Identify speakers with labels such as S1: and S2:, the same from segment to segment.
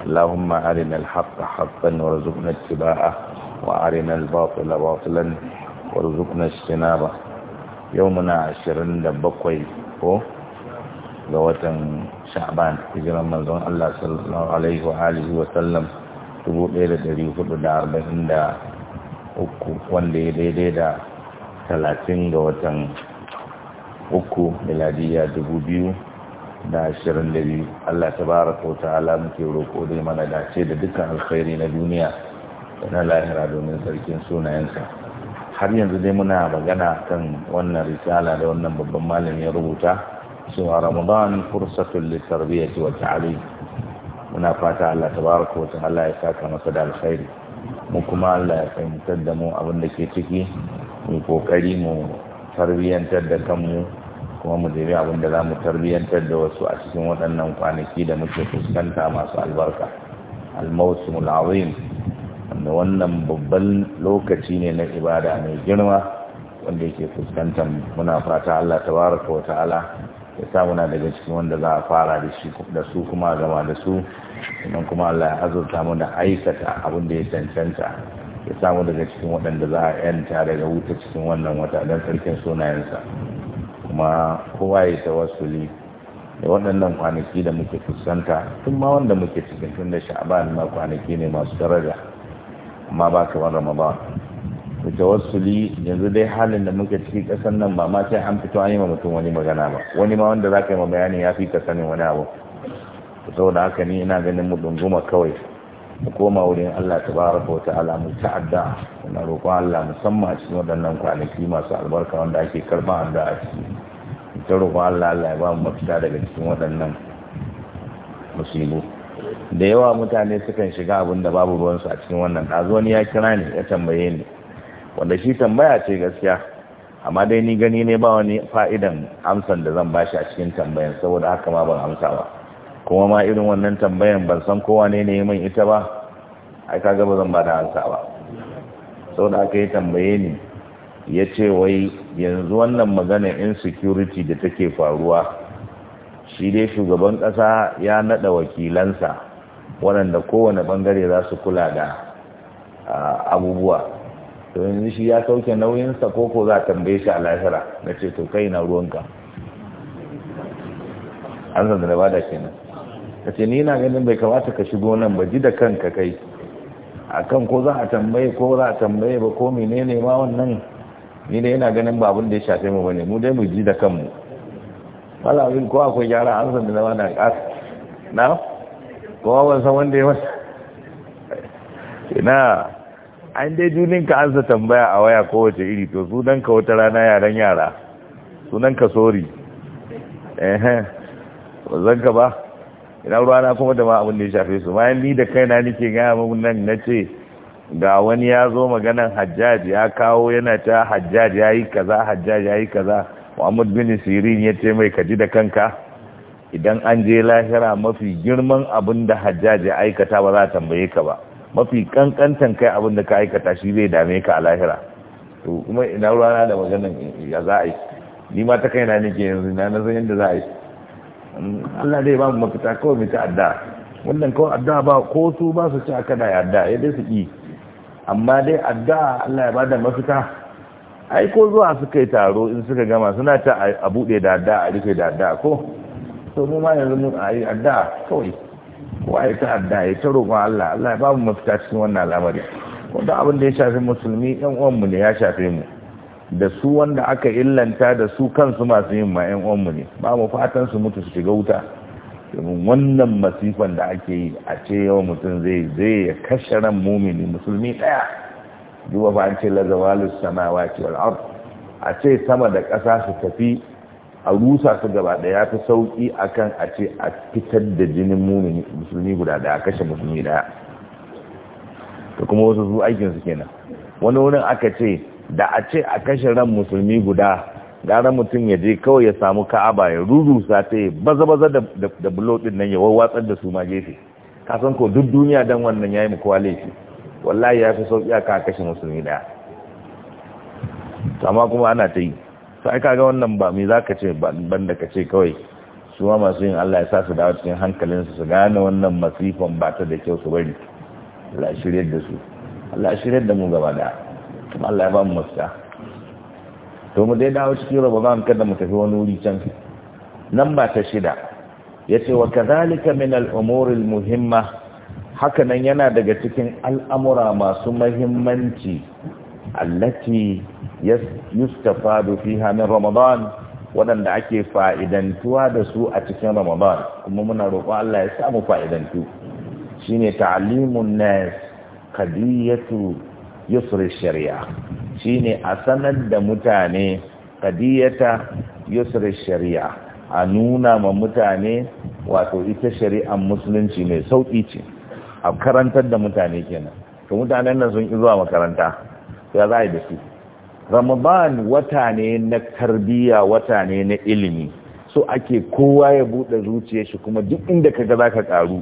S1: اللهم أرنا الحق حقا وارزقنا اتباعه وأرنا الباطل باطلا وارزقنا اجتنابه يومنا عشرين دبقوي هو قوة شعبان hijiran manzon Allah sallallahu alaihi wa alihi wa sallam 1443 wanda ya daidai da 30 ga watan uku miladiya 2000 da ashirin da biyu Allah ta baraka wa ta'ala muke roƙo dai mana dace da dukkan alkhairi na duniya da na lahira domin sarkin sunayensa har yanzu dai muna magana kan wannan risala da wannan babban malami ya rubuta cewa ramadan fursatul litarbiyyati wa ta'lim muna fata Allah tabaraka wa ta'ala ya saka masa da alkhairi mu kuma Allah ya fahimtar da mu abin da ke ciki mu kokari mu tarbiyantar da kanmu kuma mu zai abin da za mu tarbiyyantar da wasu a cikin waɗannan kwanaki da muke fuskanta masu albarka almausimul azim wanda wannan babban lokaci ne na ibada mai girma wanda yake fuskanta muna fata Allah tabaraka wa ta'ala ya sa muna daga cikin wanda za a fara da su kuma gama da su sannan kuma Allah ya azurta mu da aikata abin da ya cancanta ya samu daga cikin waɗanda za a yanta daga wuta cikin wannan wata don sarkin sunayensa kuma kowa ya tawassuli da waɗannan kwanaki da muke fuskanta tun ma wanda muke cikin tun da sha'ban ma kwanaki ne masu daraja amma ba ka Da ramadan ku tawassuli yanzu dai halin da muke ciki ƙasar nan ba ma sai an fito an yi wa mutum wani magana ba wani ma wanda za ka yi ma bayani ya fi ka sanin wani abu saboda haka ni ina ganin mu dunguma kawai mu koma wurin Allah tabaraka wa ta'ala mu ta'adda muna roƙon Allah musamman a cikin waɗannan kwanaki masu albarka wanda ake karɓa addu'a a ciki ta roƙon Allah Allah ya ba mu mafita daga cikin waɗannan musibu da yawa mutane sukan shiga abin da babu ruwansu a cikin wannan ɗazu wani ya kira ni ya tambaye ni wanda shi tambaya ce gaskiya amma dai ni gani ne ba wani fa'idan amsan da zan bashi a cikin tambayan saboda haka ma ban amsa ba kuma ma irin wannan tambayan ban san kowa ne ne min ita ba ai kaga ba zan ba da amsa ba saboda haka ya tambaye ni ya ce wai yanzu wannan magana insecurity da take faruwa shi dai shugaban ƙasa ya naɗa wakilansa waɗanda kowane ɓangare za su kula da abubuwa to yanzu shi ya sauke nauyinsa ko ko za a tambaye shi a lahira na ce to kai na ruwanka an zan da bada kenan ka ce ni na ganin bai kamata ka shigo nan ba ji da kanka kai A kan ko za a tambaye ko za a tambaye ba ko menene ma wannan ni dai yana ganin ba abin da ya shafe mu bane mu dai mu ji da kanmu wala abin ko akwai gyara an san da na na ƙas na ko ban san wanda ya masa ina an dai junin ka ansa tambaya a waya kowace iri to sunan ka wata rana yaran yara sunan ka sori eh zan ka ba ina ruwana kuma da ma abin da ya shafe su bayan ni da kaina nake gaya mun nan na ce ga wani ya zo maganan hajjaj ya kawo yana ta hajjaj ya yi kaza hajjaj ya yi kaza muhammad bin sirin ya ce mai kaji da kanka idan an je lahira mafi girman abin da hajjaj ya aikata ba za a tambaye ka ba mafi kankantan kai abin da ka aikata shi zai dame ka a lahira to kuma ina rana da maganan ya za a yi ni ma ta kai na nake yanzu na nazo yadda za a yi Allah dai ba mu mafita kawai mu ta adda wannan kawai adda ba ko su ba su ci aka da adda ya dai su yi amma dai addu'a Allah ya bada mafita ai ko zuwa suka yi taro in suka gama suna ta a buɗe da addu'a a rufe da addu'a ko to mu ma yanzu mun ayi addu'a kawai ko ayi ta addu'a ya ta roƙon Allah Allah ya ba mu mafita cikin wannan al'amari wanda abin da ya shafi musulmi ɗan mu ne ya shafe mu da su wanda aka illanta da su kansu masu yin ma ɗan mu ne ba mu fatan su mutu su shiga wuta domin wannan masifan da ake yi a ce yawan mutum zai zai ya kashe ran mumini musulmi ɗaya duba ba an ce lazawalu samawa ce ard a ce sama da ƙasa su tafi a rusa su gaba da ya fi sauƙi akan a ce a fitar da jinin mumini musulmi guda da a kashe musulmi ɗaya to kuma wasu su aikin su kenan wani wurin aka ce da a ce a kashe ran musulmi guda gara mutum ya je kawai ya samu ka'aba ya rurusa ta yi baza-baza da bulo nan ya wawatsar da su ma gefe kasan ko duk duniya don wannan ya yi muku laifi wallahi ya fi sauƙi a ka kashe musulmi ɗaya amma kuma ana ta yi sai ga wannan ba me ka ce ban da ce kawai su ma masu yin Allah ya sa su dawo cikin hankalinsu su gane wannan masifan ba ta da kyau su bari Allah shiryar da su Allah shiryar da mu gaba da Allah ya ba mu mafita to mu dai dawo cikin ramadan kada mu tafi wani wuri can nan ba ta shida yace wa kadhalika min al-umur al-muhimma haka nan yana daga cikin al'amura masu mahimmanci allati yustafadu fiha min ramadan waɗanda ake fa'idantuwa da su a cikin ramadan kuma muna roƙon Allah ya samu fa'idantu shine ta'alimin nas qadiyatu yusr shari'a Shi ne a sanar da mutane kadiyata yusr shari'a a nuna ma mutane wato ita shari'ar musulunci mai sauki ce a karantar da mutane kenan to mutanen nan sun zuwa makaranta ya za a yi da su ramadan wata ne na tarbiyya wata ne na ilimi so ake kowa ya buɗe zuciya shi kuma duk inda kaga za ka ƙaru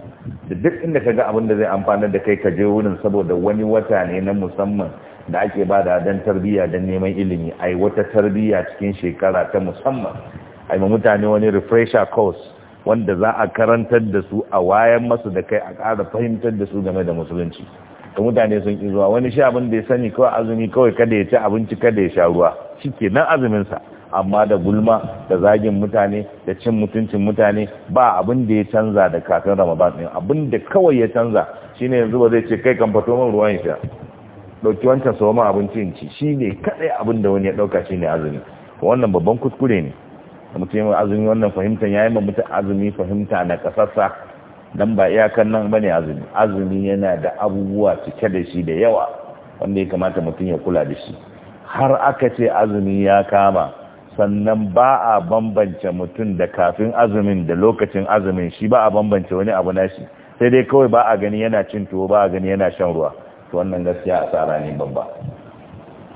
S1: da duk inda ka ga abin da zai amfana da kai ka je wurin saboda wani wata ne na musamman da ake ba da don tarbiyya don neman ilimi ai wata tarbiyya cikin shekara ta musamman ai mutane wani refresher course wanda za a karantar da su a wayan masu da kai a ƙara fahimtar da su game da musulunci to mutane sun ki zuwa wani shi abin da ya sani kawai azumi kawai kada ya ci abinci kada ya sha ruwa ke nan azuminsa amma da gulma da zagin mutane da cin mutuncin mutane ba abin da ya canza da kafin ramadan din abin da kawai ya canza shine yanzu ba zai ce kai kan fato man ruwan sha ɗauki wancan sau abincin ci shi ne kaɗai abin da wani ya dauka shi ne azumi wannan babban kuskure ne mutum azumi wannan fahimta ya yi ma mutum azumi fahimta na kasassa don ba iyakan nan ba azumi azumi yana da abubuwa cike da shi da yawa wanda ya kamata mutum ya kula da shi har aka ce azumi ya kama sannan ba a bambance mutum da kafin azumin da lokacin azumin shi ba a bambance wani abu na shi sai dai kawai ba a gani yana cin tuwo ba a gani yana shan ruwa wannan gaskiya tsara ne babba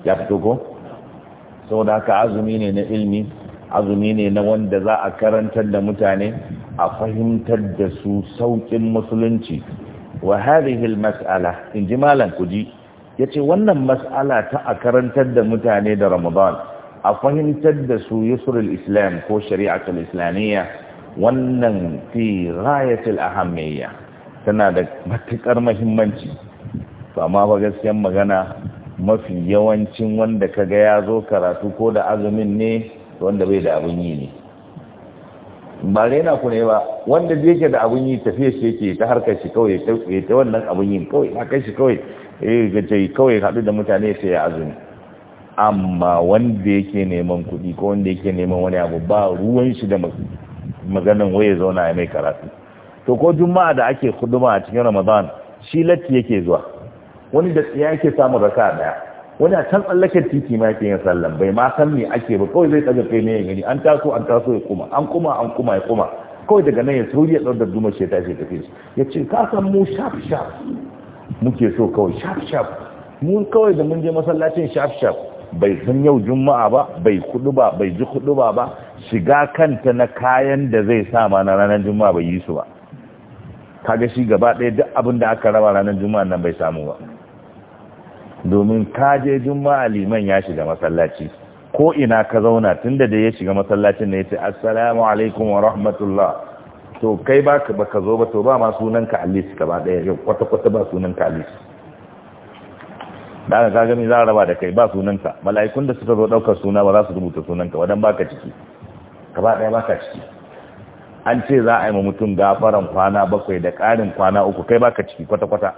S1: ya fito ko da haka azumi ne na ilmi azumi ne na wanda za a karantar da mutane a fahimtar da su saukin musulunci wa Mas'ala, almas'ala in ji Malam kuji yace wannan mas'ala ta a karantar da mutane da Ramadan a fahimtar da su yusrul islam ko shari'atul islamiyya wannan fi a ahammiya tana da matukar muhimmanci kama amma ba gaskiyan magana mafi yawancin wanda kaga ya zo karatu ko da azumin ne wanda bai da abin yi ne ba raina ku ne ba wanda zai ke da abin yi tafiya shi yake ta harkar shi kawai ya ta wannan abin yi kawai na kai shi kawai ya ce kawai haɗu da mutane ya sai azumi amma wanda yake neman kuɗi ko wanda yake neman wani abu ba ruwan shi da maganan waye zauna ya mai karatu to ko juma'a da ake huduma a cikin ramadan shi latti yake zuwa wani da tsiya yake samun raka daya wani a can tsallakar titi ma yake yin sallan bai ma san me ake ba kawai zai tsaga kai ne ya gani an taso an taso ya kuma an kuma an kuma ya kuma kawai daga nan ya sauri ya tsar da dumar shi ya tashi tafi ya ce ka san mu shaf shaf muke so kawai shaf shaf mu kawai da mun je masallacin shaf shaf bai san yau juma'a ba bai kudu ba bai ji kudu ba ba shiga kanta na kayan da zai sa ma na ranar juma'a bai yi su ba kaga shi gaba ɗaya duk abin da aka raba ranar juma'a nan bai samu ba domin ka je juma'a liman ya shiga masallaci ko ina ka zauna tunda da ya shiga masallacin ne yace assalamu alaikum wa rahmatullah to kai baka baka zo ba to ba ma sunan ka alis gaba daya yau kwata kwata ba sunan ka alis dan ka ga me za raba da kai ba sunan ka mala'ikun da suka zo daukar suna ba za su rubuta sunan ka wadan baka ciki gaba daya baka ciki an ce za a yi ma mutum gafaran kwana bakwai da ƙarin kwana uku kai baka ciki kwata kwata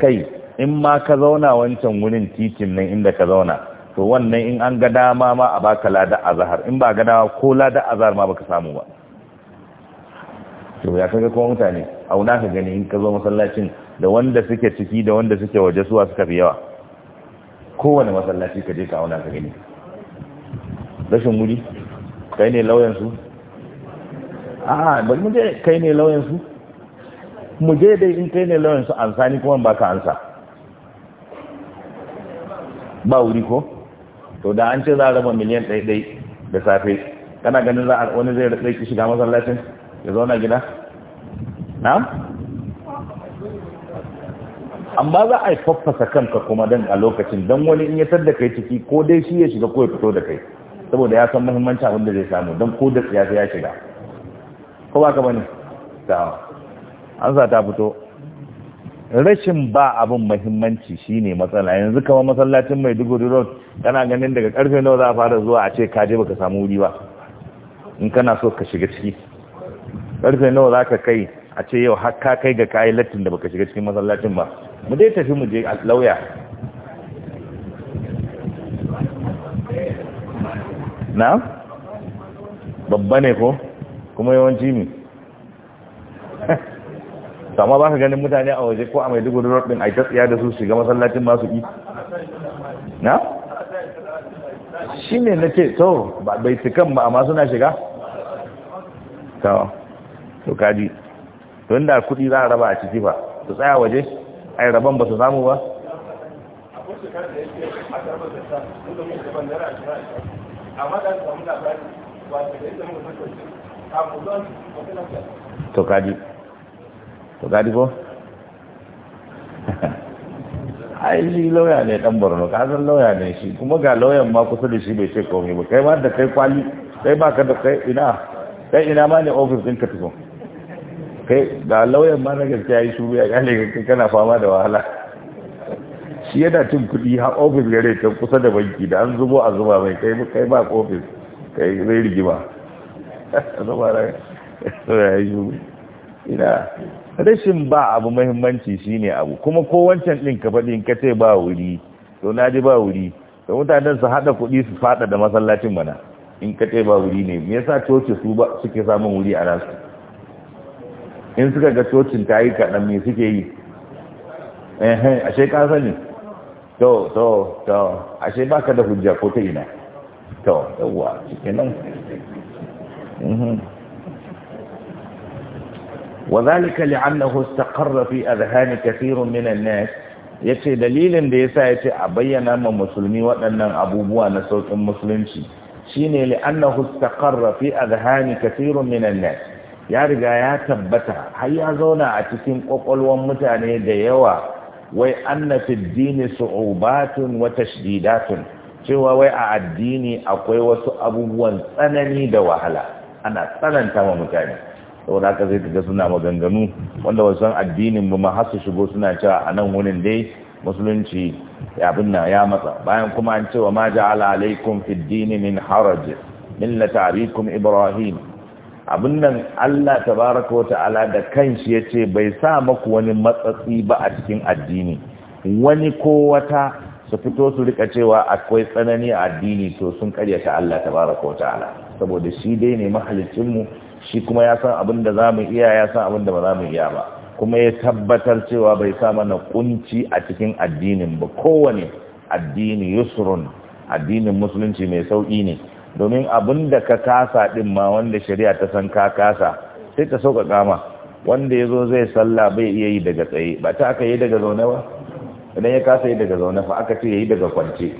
S1: kai in ma ka zauna wancan wurin titin nan inda ka zauna to wannan in an ga dama ma a baka lada azhar in ba ga dama ko lada azhar ma baka samu ba to ya kaga kuma mutane wuna ka gani in ka zo masallacin da wanda suke ciki da wanda suke waje suwa suka fi yawa kowane masallaci ka je ka auna ka gani rashin wuri kai ne lauyan su a'a bari mu je kai ne lauyan su mu je dai in kai ne lauyan su ansani kuma baka ansa ba wuri ko to da an ce za a raba miliyan ɗaiɗai da safe kana ganin za a wani zai da ɗaiki shiga masallacin ya zauna gida na? amma za a yi faffasa kanka kuma don a lokacin don wani in ya da kai ciki ko dai shi ya shiga ko ya fito da kai saboda ya san muhimmanci abin da zai samu don ko da siyasa ya shiga ko ba ka bane ta an sa ta fito rashin ba abin mahimmanci shine matsala yanzu kamar masallacin maiduguri road kana ganin daga karfe nawa za a fara zuwa a ce ka je baka samu wuri ba in kana so ka shiga ciki karfe nawa za ka kai a ce yau har ka kai ga kayi lattin da baka shiga cikin masallacin ba mu dai tafi mu je lauya na babba ne ko kuma yawanci ne to amma ba ka ganin mutane a waje ko a maiduguri road din a ta tsaya da su shiga masallacin masu yi na shine ke to ba bai tukan ba amma suna shiga to to kaji don da kuɗi za a raba a ciki ba su tsaya waje ai raban ba su samu ba to kaji to gadi ko ai shi lauya ne dan borno san lauya ne shi kuma ga lauyan ma kusa da shi bai ce komai ba kai ma da kai kwali kai ba ka da kai ina kai ina ma ne ofis din ka tukun kai ga lauyan ma na gaskiya yi shuru ya kale kai kana fama da wahala shi yana cin kuɗi ha ofis gare ta kusa da banki da an zubo a zuba mai kai kai ba ofis kai zai rigima zuba da ya ina rashin ba abu mahimmanci shine abu kuma ko wancan din ka faɗi ka ce ba wuri to na ji ba wuri to mutanen su haɗa kuɗi su faɗa da masallacin mana in ka ce ba wuri ne me yasa coci su ba suke samun wuri a nasu in suka ga cocin ta yi kaɗan me suke yi ashe ka sani to to to ashe baka da hujja ko ta ina to yawwa kenan mhm. وذلك لأنه استقر في أذهان كثير من الناس yace dalilin da yasa ce a bayyana ma musulmi waɗannan abubuwa na saukin musulunci shine li'annahu istaqarra fi adhhani kathirun minan nas ya riga ya tabbata har ya zauna a cikin ƙwaƙwalwan mutane da yawa wai anna fi dini su'ubatun wa tashdidatun cewa wai a addini akwai wasu abubuwan tsanani da wahala ana tsananta ma mutane saboda haka zai kaga suna maganganu wanda wasu san addinin mu ma har shigo suna cewa a nan wurin dai musulunci ya binna ya matsa bayan kuma an cewa ma ja'ala alaikum fi dini min haraj millata ta'rikum ibrahim abin nan Allah tabaraka wa ta'ala da kanshi yace bai sa maku wani matsatsi ba a cikin addini wani ko wata su fito su rika cewa akwai tsanani a addini to sun karyata Allah tabaraka wa ta'ala saboda shi dai ne mahalicin mu shi kuma ya san abin da za mu iya ya san abin da ba za mu iya ba kuma ya tabbatar cewa bai sa mana kunci a cikin addinin ba kowane addini yusrun addinin musulunci mai sauƙi ne domin abin da ka kasa din ma wanda shari'a ta san ka kasa sai ta sauƙaƙa ma wanda ya zo zai sallah bai iya yi daga tsaye ba ta aka yi daga zaune ba idan ya kasa yi daga zaune fa aka ce ya yi daga kwance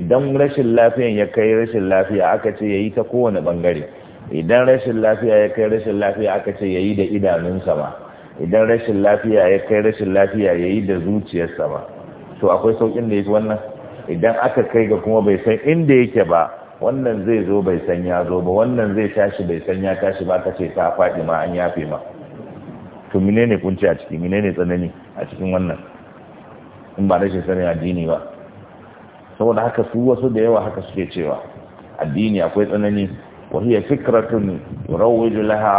S1: idan rashin lafiyan ya kai rashin lafiya aka ce ya yi ta kowane bangare. idan rashin lafiya ya kai rashin lafiya aka ce yayi da idanun sama. idan rashin lafiya ya kai rashin lafiya yayi da zuciyar sama. to akwai saukin da yake wannan idan aka kai ga kuma bai san inda yake ba wannan zai zo bai san ya zo ba wannan zai tashi bai san ya tashi ba aka ce ta faɗi ma an yafe ma to menene kunci a ciki menene tsanani a cikin wannan in ba rashin sanin addini ba saboda haka su wasu da yawa haka suke cewa addini akwai tsanani وهي فكرة يروج لها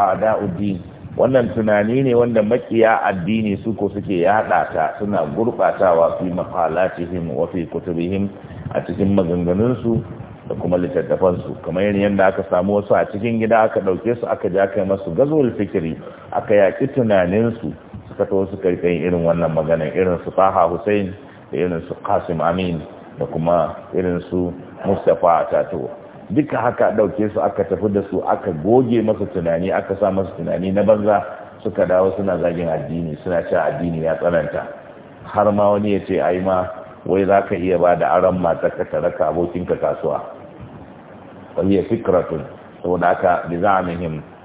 S1: أعداء الدين wannan tunani ne wanda makiya addini su ko suke yada ta suna gurbatawa fi maqalatihim wa fi kutubihim a cikin maganganun su da kuma littattafan su kamar yadda aka samu wasu a cikin gida aka dauke su aka ja kai masu gazul fikiri aka yaki tunanin su suka to su karkai irin wannan magana irin su Taha Hussein da irin su Qasim Amin da kuma irin su Mustafa Tatuwa duka haka ɗauke su aka tafi da su aka goge masa tunani aka sa masa tunani na banza suka dawo suna zagin addini suna cewa addini ya tsananta har ma wani ya ce ai ma wai za ka iya ba da aron matar ka ta ka abokinka kasuwa wani ya fikratun saboda aka bi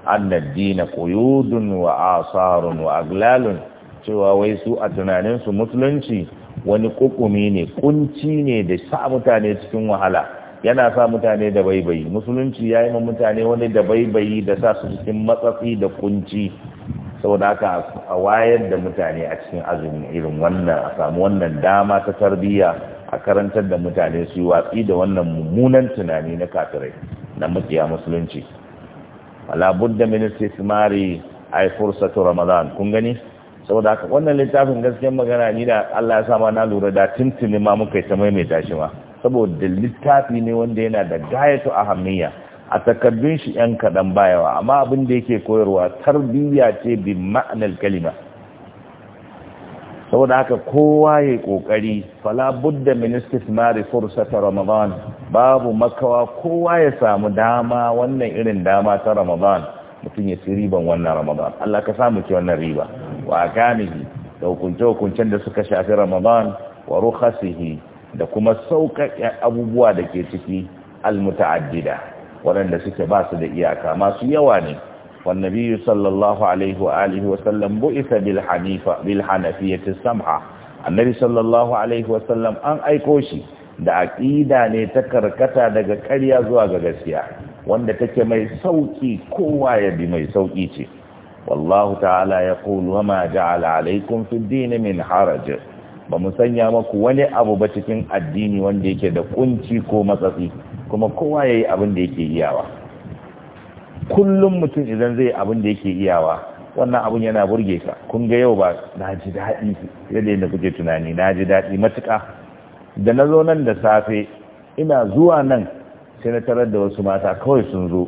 S1: an na dina koyudun wa asarun wa aglalun cewa wai su a tunaninsu musulunci wani kukumi ne kunci ne da sa mutane cikin wahala yana sa mutane da baibayi musulunci ya yi ma mutane wani da baibayi da sa su cikin matsatsi da kunci saboda aka a wayar da mutane a cikin azumi irin wannan a samu wannan dama ta tarbiyya a karantar da mutane su yi watsi da wannan mummunan tunani na kafirai na mutiya musulunci ala budda min istismari ay fursatu ramadan kun gani saboda haka wannan littafin gaskiyar magana ni da Allah ya sa ma na lura da tuntuni ma muka yi ta maimaita shi ma saboda littafi ne wanda yana da gayatu ahammiya a takardun shi yan kaɗan bayawa amma abin da yake koyarwa tarbiyya ce bi ma'anar kalima saboda haka kowa ya kokari fala budda min Fursa ta ramadan babu makawa kowa ya samu dama wannan irin dama ta ramadan mutum ya ci riban wannan ramadan Allah ka samu ci wannan riba wa akamihi da hukunce hukuncen da suka shafi ramadan wa rukhasihi da kuma sauƙaƙe abubuwa da ke ciki almuta'addida waɗanda suke ba su da iyaka masu yawa ne والنبي صلى الله عليه وآله وسلم بؤث بالحنيفة بالحنفية السمحة النبي alaihi wa sallam an aiko shi, da aƙida ne ta karkata daga ƙarya zuwa ga gaskiya wanda take mai sauƙi kowa ya bi mai sauƙi ce wallahu ta'ala ya qulu wa ma ja'ala alaykum fid din min harajin. ba mu sanya maku wani abu ba cikin addini wanda yake da kunci ko matsatsi kuma kowa ya yi abin da yake iyawa kullum mutum idan zai abin da yake iyawa wannan abin yana burge ka kun ga yau ba na ji daɗi yadda yadda kuke tunani na ji daɗi matuka da na zo nan da safe ina zuwa nan sai na tarar da wasu mata kawai sun zo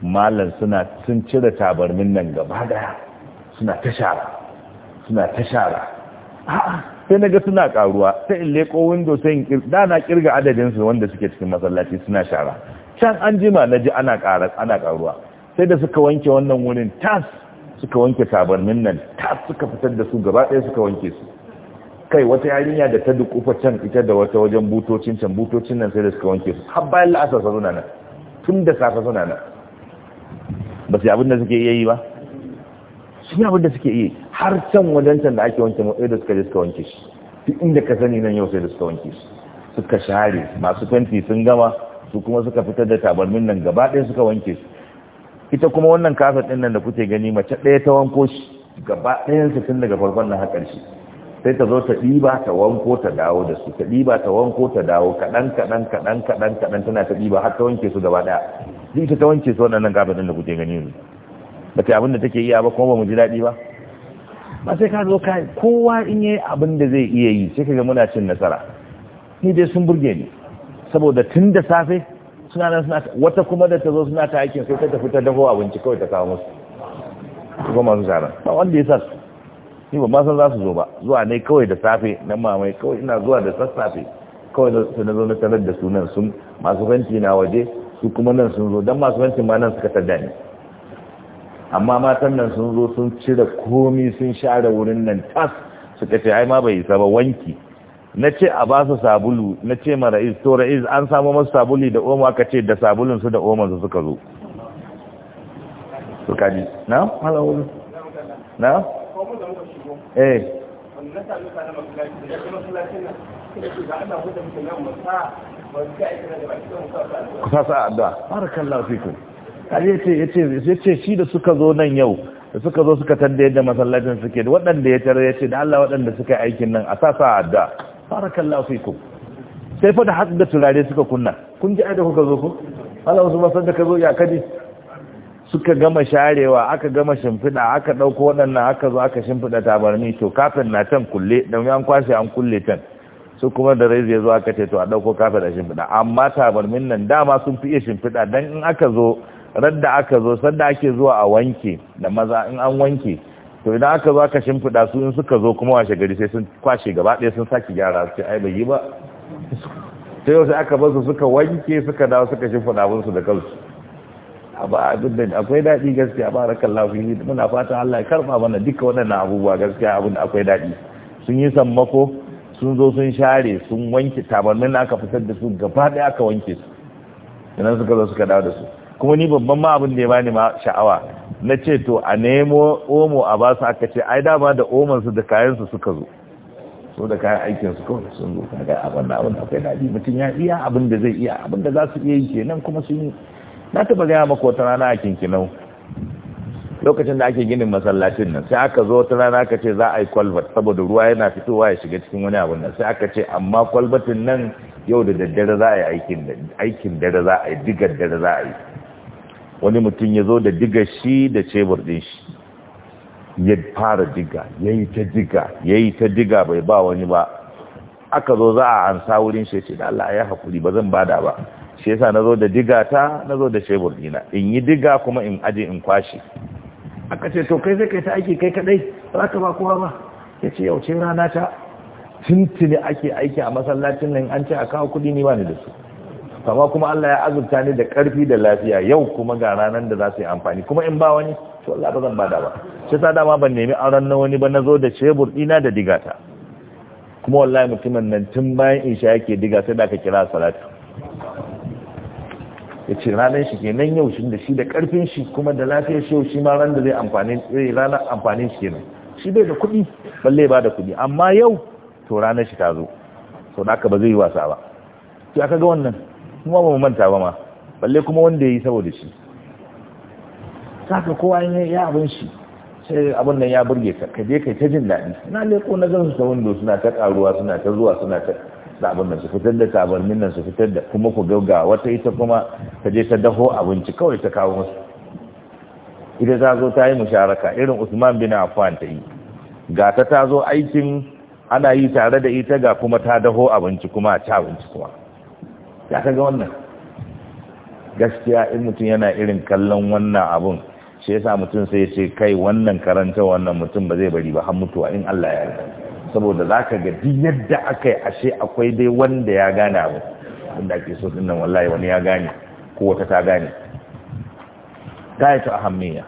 S1: malam suna sun cire tabarmin nan gaba daya suna ta suna ta shara a'a sai na ga suna karuwa sai in leko window sai in da na kirga adadin su wanda suke cikin masallaci suna shara can an jima na ji ana karar ana karuwa sai da suka wanke wannan wurin tas suka wanke tabarnin nan tas suka fitar da su gaba ɗaya suka wanke su kai wata yarinya da ta kufa can ita da wata wajen butocin can butocin nan sai da suka wanke su har bayan la'asar suna nan tun da safe suna nan ba su abin da suke iya yi ba shi abin da suke yi har can wajen da ake wanke motsi da suka je suka wanke shi duk inda ka sani nan yau sai da suka wanke shi suka share masu fenti sun gama su kuma suka fitar da tabarmin nan gaba ɗaya suka wanke su ita kuma wannan kasar ɗin nan da kuke gani mace ɗaya ta wanko shi gaba ɗayan su tun daga farkon na haƙar shi sai ta zo ta ɗiba ta wanko ta dawo da su ta ɗiba ta wanko ta dawo kaɗan kaɗan kaɗan kaɗan kaɗan tana ta ɗiba har ta wanke su gaba ɗaya duk ita ta wanke su waɗannan kafin ɗin da kuke gani yanzu ba ta abin da take iya ba kuma ba mu ji daɗi ba ba sai ka zo kai kowa in yayi abin da zai iya yi sai kaga muna cin nasara ni dai sun burge ni saboda tun da safe suna nan suna wata kuma da ta zo suna ta aikin sai ta tafi ta dafo abinci kawai ta kawo musu kuma masu sharan ba wanda ya sa su ni ba ma san za su zo ba zuwa ne kawai da safe nan mamai kawai ina zuwa da sassafe kawai su na zo na tarar da su sun masu fanti na waje su kuma nan sun zo don masu fanti ma nan suka tada ni amma matan nan sun zo sun cire komi sun share wurin nan tas suka ce ai ma bai isa ba wanki na ce a ba su sabulu na ce ma ra'is to ra'is an samu masu sabuli da omo aka ce da sabulun su da omo su suka zo suka ji na wuri na eh kusa sa'adda barakallahu fikum har ya ce shi da suka zo nan yau da suka zo suka tanda yadda masallacin suke da waɗanda ya tare ya ce da Allah waɗanda suka aikin nan a sasa adda barakallahu ku sai fa da haɗu da turare suka kunna kun ji aida kuka zo ku Allah wasu masan da ka zo ya kadi suka gama sharewa aka gama shimfiɗa aka ɗauko waɗannan aka zo aka shimfiɗa tabarmi to kafin na can kulle don an kwashe an kulle can su kuma da rai zai zo aka ce to a ɗauko kafin a shimfiɗa amma tabarmin nan dama sun fi iya shimfiɗa dan in aka zo radda aka zo sadda ake zuwa a wanke da maza in an wanke to idan aka zo aka shimfiɗa su in suka zo kuma washe gari sai sun kwashe gaba ɗaya sun saki gyara su ce ai bai yi ba sai wasu aka basu suka wanke suka dawo suka shimfiɗa su da kansu abin da akwai daɗi gaskiya barakan lafiyi muna fatan Allah ya karɓa mana duka waɗannan abubuwa gaskiya abin akwai daɗi sun yi sammako sun zo sun share sun wanke tabarmin aka fitar da su gaba ɗaya aka wanke su idan suka zo suka dawo da su kuma ni babban ma abin da ya bani ma sha'awa na ce to a nemo omo a ba su aka ce ai dama da omon su da kayan su suka zo so da kayan aikin su kawai sun zo ga abin da abin kai dadi mutum ya iya abin da zai iya abin da za su iya yi kenan kuma sun yi na taba gaya maka wata rana a kinkinau lokacin da ake ginin masallacin nan sai aka zo wata rana aka ce za a yi kwalbat saboda ruwa yana fitowa ya shiga cikin wani abin nan sai aka ce amma kwalbatin nan yau da daddare za a yi aikin dare za a yi digar dare za a yi wani mutum ya zo da diga shi da cebur din shi ya fara diga ya yi ta diga ya yi ta diga bai ba wani ba aka zo za a ansa wurin shi ce da Allah ya haƙuri ba zan bada ba shi yasa na zo da diga ta na zo da shebur dina in yi diga kuma in aje in kwashe aka ce to kai zai kai ta aiki kai kadai za ka ba kowa ba ya ce yau ce rana ta tuntuni ake aiki a masallacin nan an ce a kawo kuɗi ni ba ni da su kama kuma Allah ya azurta ni da karfi da lafiya yau kuma ga ranar da za su yi amfani kuma in ba wani to Allah ba zan bada ba sai ta dama ban nemi auren na wani ba na zo da shebur dina da digata kuma wallahi mutumin nan tun bayan insha yake diga sai da ka kira salatu ya ce ranar shi kenan yau shi da shi da karfin shi kuma da lafiyar shi yau shi ma ran da zai amfani zai ranar amfanin shi kenan shi bai da kuɗi balle ba da kuɗi amma yau to ranar shi ta zo to da ba zai yi wasa ba ya aka ga wannan kuma ba mu manta ba ma balle kuma wanda ya yi saboda shi saka kowa ya yi abin shi sai abin nan ya burge ka ka je kai ta jin dadi na leko na gansu su ta wando suna ta karuwa suna ta zuwa suna ta da abin nan su fitar da tabarmin nan su fitar da kuma ku gauga wata ita kuma ta je ta daho abinci kawai ta kawo musu ita ta zo ta yi musharaka irin usman bin affan ta yi ga ta ta zo aikin ana yi tare da ita ga kuma ta daho abinci kuma a ci abinci kuma ya kaga wannan gaskiya in mutum yana irin kallon wannan abun shi yasa mutum sai ce kai wannan karanta wannan mutum ba zai bari ba har mutuwa in Allah ya yarda saboda zaka ga duk yadda akai ashe akwai dai wanda ya gane abu inda ake so dinnan wallahi wani ya gane ko wata ta gane ta ahammiya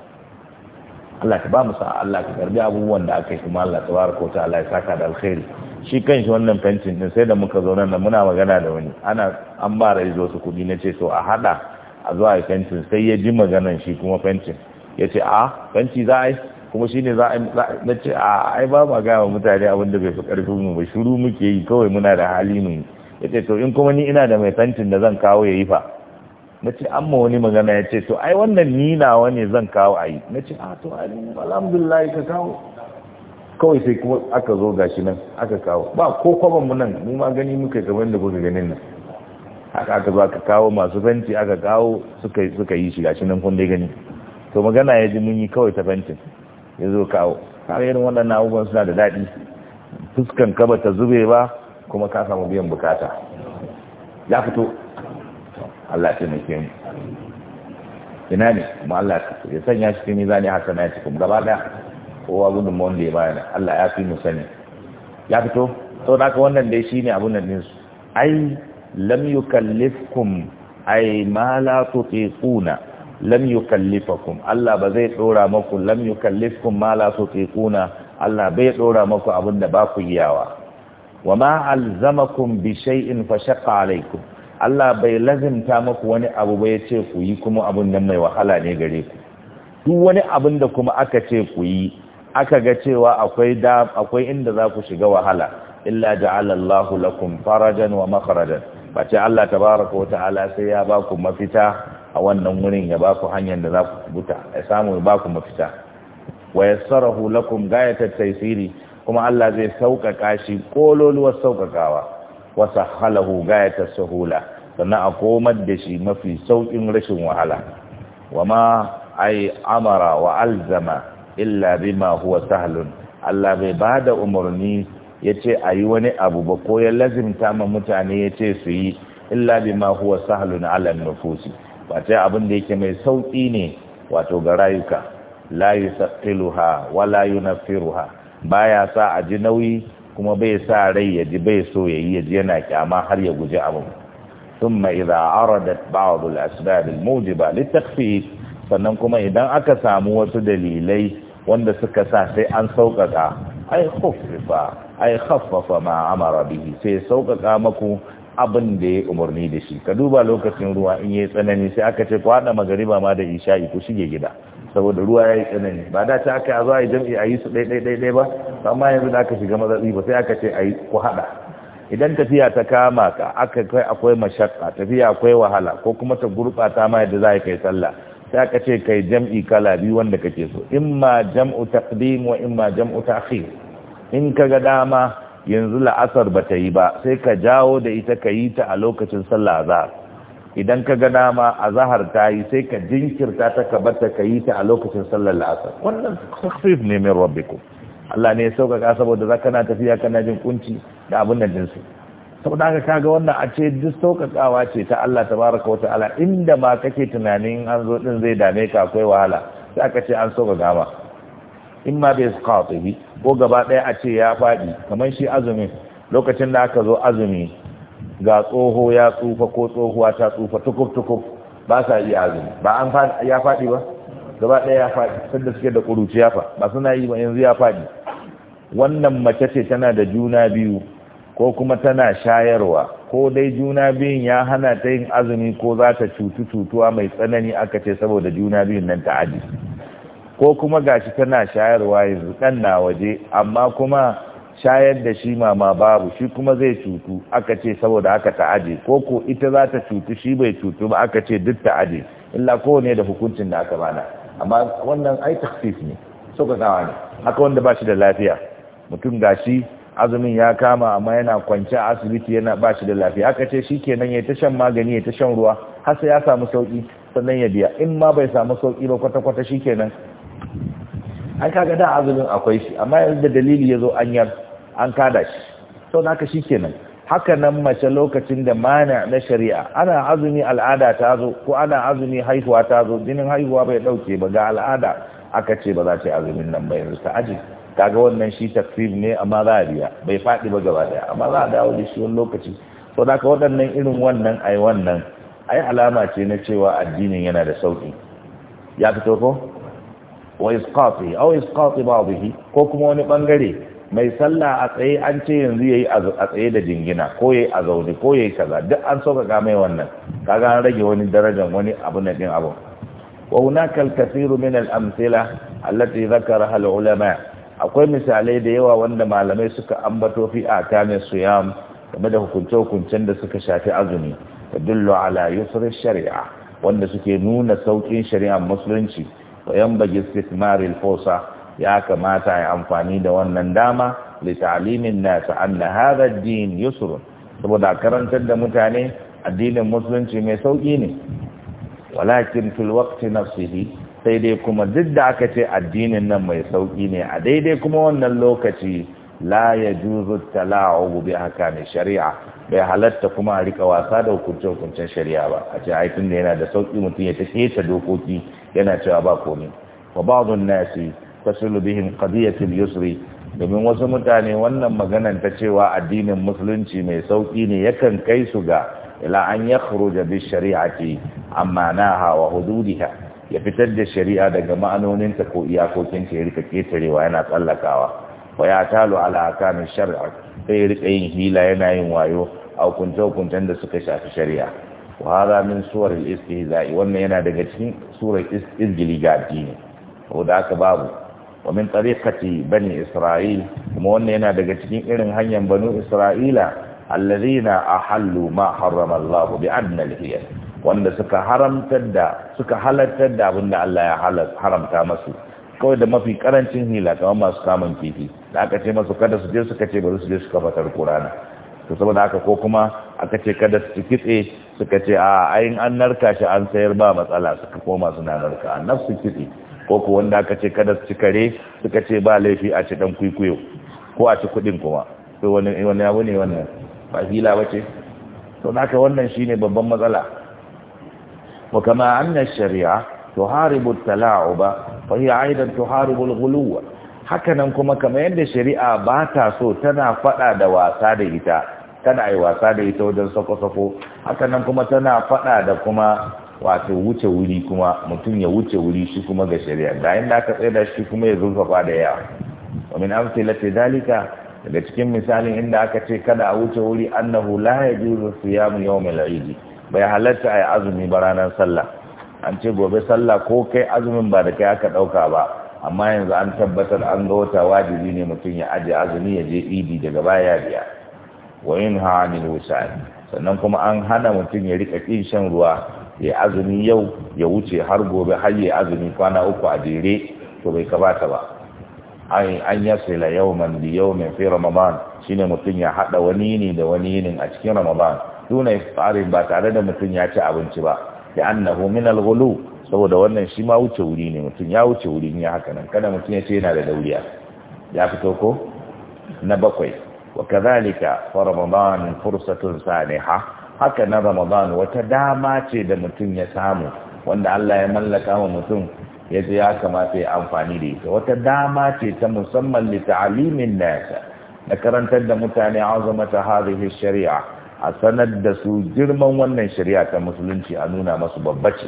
S1: Allah ta ba mu sa'a Allah ka garbi abubuwan da akai kuma Allah tabaraka wa ta'ala ya saka da alkhairi shi kan shi wannan fentin din sai da muka zo nan muna magana da wani ana an ba rai zo su kudi na ce so a hada a zuwa fentin sai ya ji maganan shi kuma fentin ya a fenti za a yi kuma shine za a na a ai ba ga gaya mutane abin da bai fi karfin mu ba shiru muke yi kawai muna da hali mu ya to in kuma ni ina da mai fentin da zan kawo yayi fa na ce an ma wani magana ya to ai wannan ni na wani zan kawo ayi. nace a to alhamdulillah ka kawo kawai sai kuma aka zo gashi nan aka kawo ba ko kwaban mu nan mu ma gani muka kamar da kuka ganin nan haka aka zo aka kawo masu fenti aka kawo suka suka yi shi gashi nan kun dai gani to magana ya ji mun yi kawai ta fenti ya zo kawo har irin waɗannan abubuwan suna da daɗi fuskan ka bata zube ba kuma ka samu biyan bukata ya fito Allah ya taimake mu ina ne kuma Allah ya sanya shi cikin mizani hasana ya cikin gaba daya kowa gudunmawan wanda ya bayana Allah ya fi mu sani ya fito sau da wannan dai shine ne abin nan ɗinsu ai lam yukallifkum ai ma la tutiquna lam yukallifakum Allah ba zai dora maku lam yukallifkum ma la tutiquna Allah bai dora maku abin da ba ku wa ma alzamakum bi shay'in fa shaqqa alaykum Allah bai lazimta maku wani abu ba ya ce ku yi kuma abun nan mai wahala ne gare ku duk wani abin da kuma aka ce ku yi aka ga cewa akwai da akwai inda za ku shiga wahala illa ja'ala Allahu lakum farajan wa makharajan bace Allah tabaaraka wa ta'ala sai ya ba ku mafita a wannan wurin ya ba ku hanyar da za ku buta. ya samu ya ba ku mafita wa yassarahu lakum gayatat taysiri kuma Allah zai sauƙaƙa shi kololuwar sauƙaƙawa wa sahhalahu gayatat suhula sannan a komar da shi mafi sauƙin rashin wahala wa ma ai amara wa alzama illa bima huwa sahlun Allah bai ba da umarni ya ce a wani abu ba ko ya lazimta ma mutane yace ce su yi illa bima huwa sahlun ala nufusi ba abin da yake mai sauƙi ne wato ga rayuka la yusaqiluha wa la yunaffiruha baya sa a ji nauyi kuma bai sa rai ya ji bai so ya yi ya ji yana kyama har ya guji abin thumma idha aradat ba'd al-asbab al-mujiba lit sannan kuma idan aka samu wasu dalilai wanda suka sa sai an sauƙaƙa ai khuffifa ai khaffafa ma amara bihi sai sauƙaƙa maku abin da ya umarni da shi ka duba lokacin ruwa in yayi tsanani sai aka ce ku hada magariba ma da isha'i ku shige gida saboda ruwa yayi tsanani ba da ta aka zo ayi jami'i ayi su dai dai dai ba amma yanzu da aka shiga mazatsi ba sai aka ce ayi ku hada idan tafiya ta kama ka akwai mashakka tafiya akwai wahala ko kuma ta gurbata ma yadda za kai sallah sai aka ce kai jam'i kala biyu wanda kake so In ma jam'u taqdim wa in ma jam'u ta'khir in ka ga dama yanzu la'asar ba ta yi ba sai ka jawo da ita ka yi ta a lokacin sallah azhar idan ka ga dama a zahar ta yi sai ka jinkirta ta ka bata ka yi ta a lokacin sallar la'asar wannan tafsir ne min rabbikum Allah ne ya sauka ka saboda za kana tafiya kana jin kunci da abin da jinsu saboda haka kaga wannan a ce duk sauƙaƙawa ce ta Allah tabaraka wa ta'ala inda ma kake tunanin an zo din zai dame ka akwai wahala sai aka ce an sauƙa ba in ma bai tsohi ko gaba ɗaya a ce ya faɗi kamar shi azumi lokacin da aka zo azumi ga tsoho ya tsufa ko tsohuwa ta tsufa tukuf tukuf ba sa iya azumi ba an ya faɗi ba gaba ɗaya ya faɗi sanda suke da ƙuruciya fa ba suna yi ba yanzu ya faɗi wannan mace ce tana da juna biyu ko kuma tana shayarwa ko dai juna biyun ya hana ta yin azumi ko za ta cutu cutuwa mai tsanani aka ce saboda juna biyun nan ta aji ko kuma gashi tana shayarwa yanzu ɗan na waje amma kuma shayar da shi mama babu shi kuma zai cutu aka ce saboda aka ta aje ko ko ita za ta cutu shi bai cutu ba aka ce duk ta aje illa kowane da hukuncin da aka bana amma wannan ai taksif ne ga ne haka wanda ba shi da lafiya mutum gashi azumin ya kama amma yana kwance a asibiti yana ba shi da lafiya aka ce shi kenan ya ta shan magani ya ta shan ruwa har sai ya samu sauki sannan ya biya in ma bai samu sauki ba kwata-kwata shi kenan an kaga da azumin akwai shi amma yanzu da dalili ya zo an yar an kada shi to haka shi kenan haka nan mace lokacin da mana na shari'a ana azumi al'ada ta zo ko ana azumi haihuwa ta zo jinin haihuwa bai dauke ba ga al'ada aka ce ba za ta yi azumin nan ba yanzu ta aji kaga wannan shi taksir ne amma za a biya bai faɗi ba gaba daya amma za a dawo da shi lokaci to da ka waɗannan irin wannan ai wannan ai alama ce na cewa addinin yana da sauƙi ya fito ko wa isqati aw isqati ba'dihi ko kuma wani bangare mai sallah a tsaye an ce yanzu yayi a tsaye da jingina ko yayi a zaune ko yayi kaza duk an ga mai wannan kaga an rage wani darajar wani abu na din abu min al-amthila allati dhakaraha al ulama akwai misalai da yawa wanda malamai suka ambato fi akamin suyam game da hukunce-hukuncen da suka shafi azumi da dullu ala Yusurin shari'a wanda suke nuna saukin shari'ar musulunci wa yan bagi istismaril fosa ya kamata ya amfani da wannan dama li na nas anna hadha ad-din saboda karantar da mutane addinin musulunci mai sauki ne walakin fil waqti nafsihi sai dai kuma duk da aka ce addinin nan mai sauƙi ne a daidai kuma wannan lokaci la ya juzu tala'ubu bi haka shari'a bai halatta kuma a rika wasa da hukuncin hukuncin shari'a ba a ce ai tun yana da sauƙi mutum ya ta dokoki yana cewa ba komai wa ba'dun nasi tasulu bihim qadiyatul yusri domin wasu mutane wannan maganan ta cewa addinin musulunci mai sauƙi ne yakan kai su ga ila an yakhruja bi shari'ati amma naha wa hududiha ya fitar da shari'a daga ma'anoninta ko iyakokinta ya rika ketarewa yana tsallakawa wa ya talo ala min shari'a sai ya yin hila yana yin wayo a hukunce-hukuncen da suka shafi shari'a wa hada min suwar istihza'i wannan yana daga cikin surar izgili ne ko da aka babu wa min tariqati bani isra'il kuma wannan yana daga cikin irin hanyar banu isra'ila allazina ahallu ma harrama Allah bi adna al wanda suka haramtar da suka halartar da abin da Allah ya haramta masu kawai da mafi karancin hila kamar masu kamun kifi da aka ce masu kada su je suka ce bari su je suka kafa tarkurana to saboda haka ko kuma aka ce kada su kitse suka ce a ayin an narka shi an sayar ba matsala suka koma suna narka an nafsu kitse ko ko wanda aka ce kada su ci kare suka ce ba laifi a ci dan kwikwiyo ko a ci kudin kuma to wani wani abu ne wannan ba hila bace to haka wannan shine babban matsala وكما أن الشريعة تحارب التلاعب فهي أيضا تحارب الغلو hakanan kuma kamar yadda shari'a ba ta so tana fada da wasa da ita tana yi wasa da ita wajen sako-sako hakanan kuma tana fada da kuma wato wuce wuri kuma mutum ya wuce wuri shi kuma ga shari'a da inda aka tsaye da shi kuma ya zurfafa da yawa ومن أمثلة ذلك daga cikin misalin inda aka ce kada a wuce wuri annahu la yajuzu siyam yawm al-eid bai halatta a yi azumi ba ranar sallah an ce gobe sallah ko kai azumin ba da kai aka ɗauka ba amma yanzu an tabbatar an ga wata wajibi ne mutum ya aje azumi ya je idi daga baya biya wa yin hanil sannan kuma an hana mutum ya rika ƙin shan ruwa ya azumi yau ya wuce har gobe har ya azumi kwana uku a jere to bai kamata ba an yasila yawman bi yawmin fi ramadan shine mutum ya hada wani ne da wani yinin a cikin ramadan duna iftarin ba tare da mutum ya ci abinci ba ya annahu min al saboda wannan shi ma wuce wuri ne mutum ya wuce wuri ne haka nan kada mutum ya ce yana da dauriya ya fito ko na bakwai wa kadhalika fa ramadan fursatun saniha haka na ramadan wata dama ce da mutum ya samu wanda Allah ya mallaka wa mutum ya ji ya kamata ya amfani da ita wata dama ce ta musamman li ta'alimin nasa na karantar da mutane azamata hadhihi shari'a a sanar da su girman wannan shari'a ta musulunci a nuna masu babbaci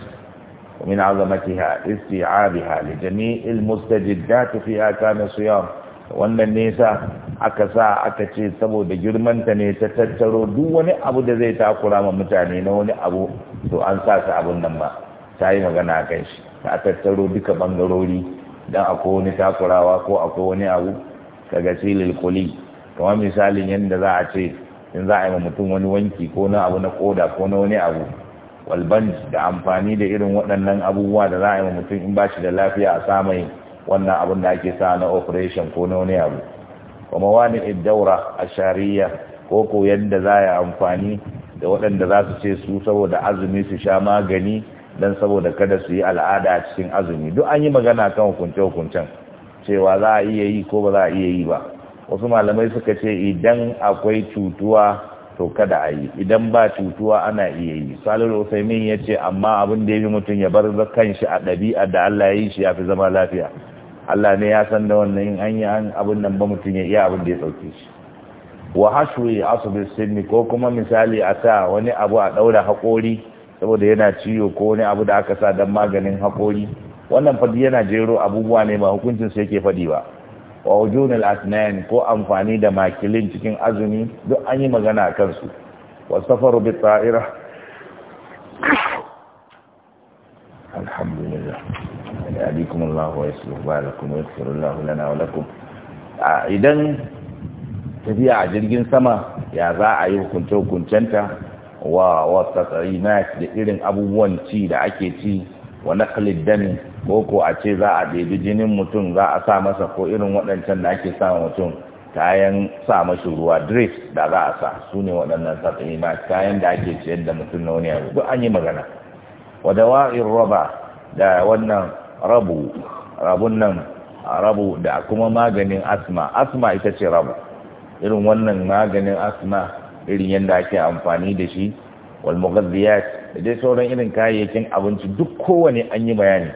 S1: azamatiha isti'abiha li jami'il mustajiddat فيها su yawa. wannan nesa aka sa aka ce saboda girmanta ne ta tattaro duk wani abu da zai takura ma mutane na wani abu to an sa ta abun nan ba ta yi magana a kan shi ta tattaro duka bangarori don akwai wani takurawa ko akwai wani abu kaga silil kuli kamar misalin yadda za a ce in za a yi mutum wani wanki ko na abu na koda ko na wani abu walban da amfani da irin waɗannan abubuwa da za a yi mutum in ba shi da lafiya a samai wannan abun da ake sa na operation ko na wani abu kuma wani iddaura a shari'a ko ko yadda za a yi amfani da waɗanda za su ce su saboda azumi su sha magani dan saboda kada su yi al'ada a cikin azumi duk an yi magana kan hukunce-hukuncen cewa za a iya yi ko ba za a iya yi ba wasu malamai suka ce idan akwai cutuwa to kada a yi idan ba cutuwa ana iya yi salir usaimin ya ce amma abin da ya fi mutum ya bar shi a ɗabi'a da allah ya yi shi ya fi zama lafiya allah ne ya san da wannan in an yi abin nan ba mutum ya iya abin da ya sauke shi wa hashwi asibis sinni ko kuma misali a sa wani abu a ɗaura haƙori saboda yana ciwo ko wani abu da aka sa don maganin haƙori wannan fadi yana jero abubuwa ne ba hukuncin su yake fadi ba wa wujunul asnan ko amfani da makilin cikin azumi duk an yi magana a kansu wa safaru bi ta'ira alhamdulillah wa wa Allah idan tafiya a jirgin sama ya za a yi hukunce hukuncenta wa wasa da irin abubuwan ci da ake ci wa naqlid dami ko a ce za a ɗebi jinin mutum za a sa masa ko irin waɗancan da ake sa mutum kayan sa mashi ruwa dress da za a sa su ne waɗannan satsini ma kayan da ake ciyar da mutum na wani yanzu an yi magana wadda wa'in roba da wannan rabu rabun nan rabu da kuma maganin asma asma ita ce rabu irin wannan maganin asma irin yadda ake amfani da shi wal da dai sauran irin kayayyakin abinci duk kowane an yi bayani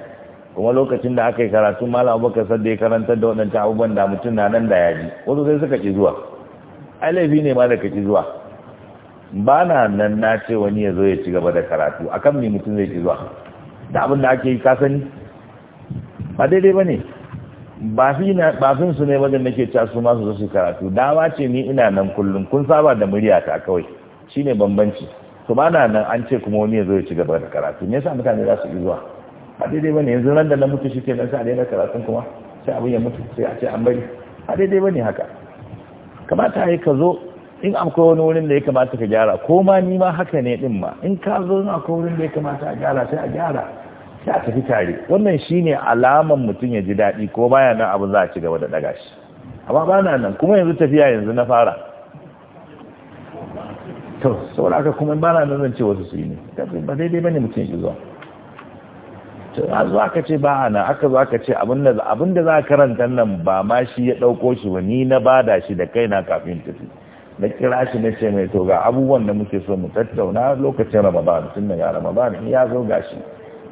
S1: kuma lokacin da aka yi karatu malam abubakar sadda ya karantar da waɗancan abubuwan da mutum na nan da ya ji wasu sai suka ci zuwa ai laifi ne ma da ka ki zuwa ba na nan na ce wani ya zo ya ci gaba da karatu a kan mutum zai ci zuwa da abin da ake yi ka sani ba daidai ba ne ba fin su ne wajen nake ca su masu zo su karatu dama ce ni ina nan kullum kun saba da murya ta kawai shine bambanci su ba na nan an ce kuma wani ya zo ya ci gaba da karatu me yasa mutane za su ki zuwa a daidai bane yanzu ran da na mutu ke nan sai a daina karatun kuma sai abin ya mutu sai a ce an bari a daidai bane haka kamata ai ka zo in akwai wani wurin da ya kamata ka gyara ko ma ni ma haka ne din ma in ka zo in akwai wurin da ya kamata a gyara sai a gyara sai a tafi tare wannan shine alaman mutum ya ji daɗi ko baya nan abu za a ci gaba da daga shi amma ba na nan kuma yanzu tafiya yanzu na fara to saboda aka kuma ba na nan zan ce wasu su yi ne ba daidai bane mutum ya zuwa a za ka ce ba ana aka za ka ce abinda za karanta nan ba ma shi ya ɗauko shi ba ni na ba da shi da kai na kafin tafi na kira shi na ce mai toga abubuwan da muke so mu tattauna lokacin ramadan tun daga ramadan in ya zo ga shi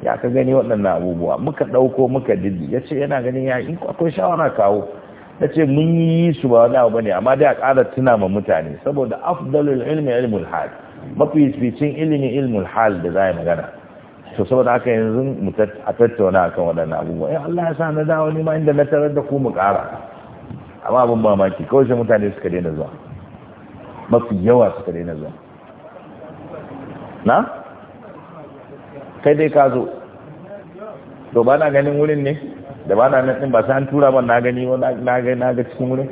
S1: ya ka gani waɗannan abubuwa muka ɗauko muka didi ya ce yana ganin ya in akwai shawara kawo na ce mun yi su ba wani abu ne amma dai a ƙara tuna ma mutane saboda afdalul ilmi ilmul hal mafificin ilimin ilmul hal da za magana to saboda haka yanzu a tattauna akan waɗannan abubuwa in eh, Allah ya sa na dawo ne ma inda na tarar da ku mu ƙara amma abin mamaki kawai sai mutane suka daina zuwa mafi yawa suka daina zuwa na kai dai ka zo to ba na ganin wurin ne da ba na nan ba sai an tura ba na gani na ga cikin wurin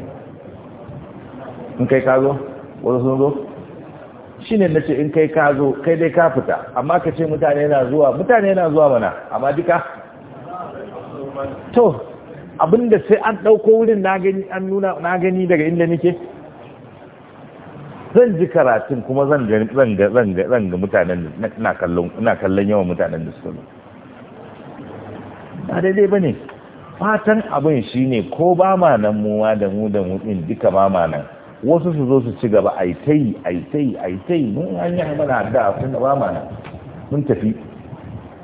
S1: in kai ka zo wasu sun zo Shi ne na ce in kai ka zo kai dai ka fita amma ka ce mutane na zuwa mutane na zuwa mana amma duka to abinda sai an ɗauko wurin na gani an nuna daga inda nake zan ji karatun kuma zan ga mutanen ina kallon kallon yawan mutanen da suka ba daidai ba ne. fatan abin shi ne ko ba ma nan muwa da mu da mu din duka ba ma nan wasu su zo su ci gaba a yi ta yi a yi ta yi a yi ta yi mun an yi mana da sun da ba mana mun tafi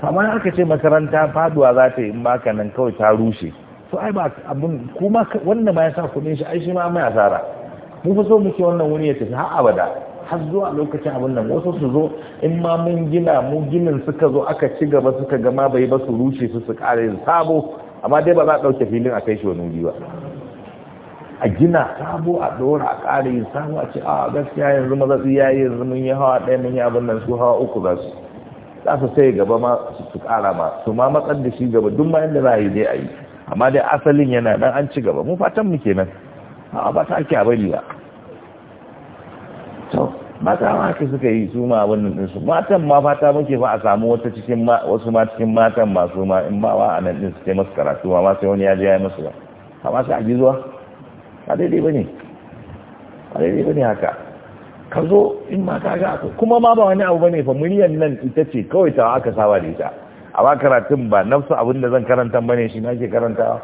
S1: ya aka ce makaranta faduwa za ta yi in baka nan kawai ta rushe to ai ba abin kuma wannan ma ya sa kuɗin shi ai shi ma mai asara Mun fi so muke wannan wuri ya tafi har abada har zuwa lokacin abin nan wasu su zo in ma mun gina mu ginin suka zo aka ci gaba suka gama bai ba su rushe su su yin sabo amma dai ba za a ɗauke filin a kai shi wani wuri ba a gina sabo a dora a ƙara yin sabo a ce a ah, gaskiya yanzu maza ya yi yanzu mun yi hawa ɗaya mun yi abin nan su hawa uku za su za su sai gaba ma su ƙara ma su ma matsar da shi gaba duk ma yadda za a yi dai a yi amma dai asalin yana nan an ci gaba mu fatan mu kenan a ba ta ake bari ba to mata ma haka suka yi su ma abin nan su matan ma fata muke fa a samu wata cikin wasu ma cikin matan masu ma in ba wa a nan ɗin su ce masu karatu ma sai wani ya je ya yi masu ba amma sai a ji zuwa A daidai ba ne daidai ba ne haka ka zo in ma ka ga kuma ma ba wani abu ba ne fa miliyan nan ita ce kawai ta aka saba da ita a ba karatun ba nafsu abin da zan karanta ba ne shi na ke karanta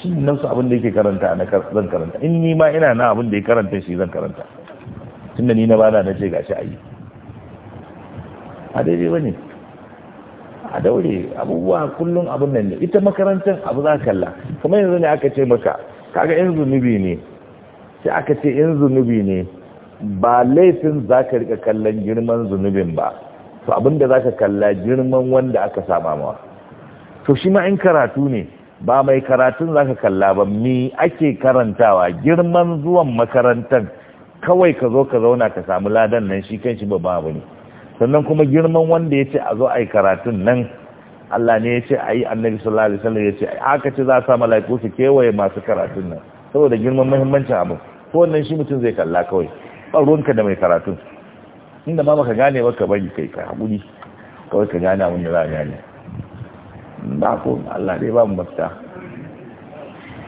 S1: shi nafsu abin da yake karanta na zan karanta in ni ma ina na abin da ya karanta shi zan karanta tunda ni na bana na ce shi ayi a daidai ba ne a daure abubuwa kullum abin nan ne ita makarantar abu za kalla kuma yanzu ne aka ce maka kaga in zunubi ne sai aka ce in zunubi ne ba laifin za ka rika kallon girman zunubin ba to abinda za ka kalla girman wanda aka sama ma to shi ma in karatu ne ba mai karatun za ka kalla ba mi ake karantawa girman zuwan makarantar kawai ka zo ka zauna ka samu ladan nan shi kan shi ba ba ne sannan kuma girman wanda ya ce a zo a yi karatun nan Allah ne ya ce a yi annabi sallallahu alaihi wasallam ya ce aka ce za a sa mala'iku su kewaye masu karatun nan saboda girman muhimmancin abu ko wannan shi mutum zai kalla kawai ba ruwanka da mai karatun inda ma baka gane ba ka bari kai ka haƙuri kawai ka gane abin da za a gane ba ko Allah dai ba mu mafita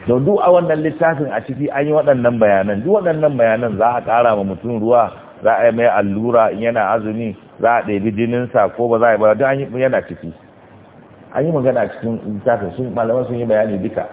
S1: don duk a wannan littafin a ciki an yi waɗannan bayanan duk waɗannan bayanan za a ƙara ma mutum ruwa za a yi mai allura in yana azumi za a ɗebi jininsa ko ba za a yi ba duk an yi yana ciki an yi magana cikin littafin sun malaman sun yi bayani duka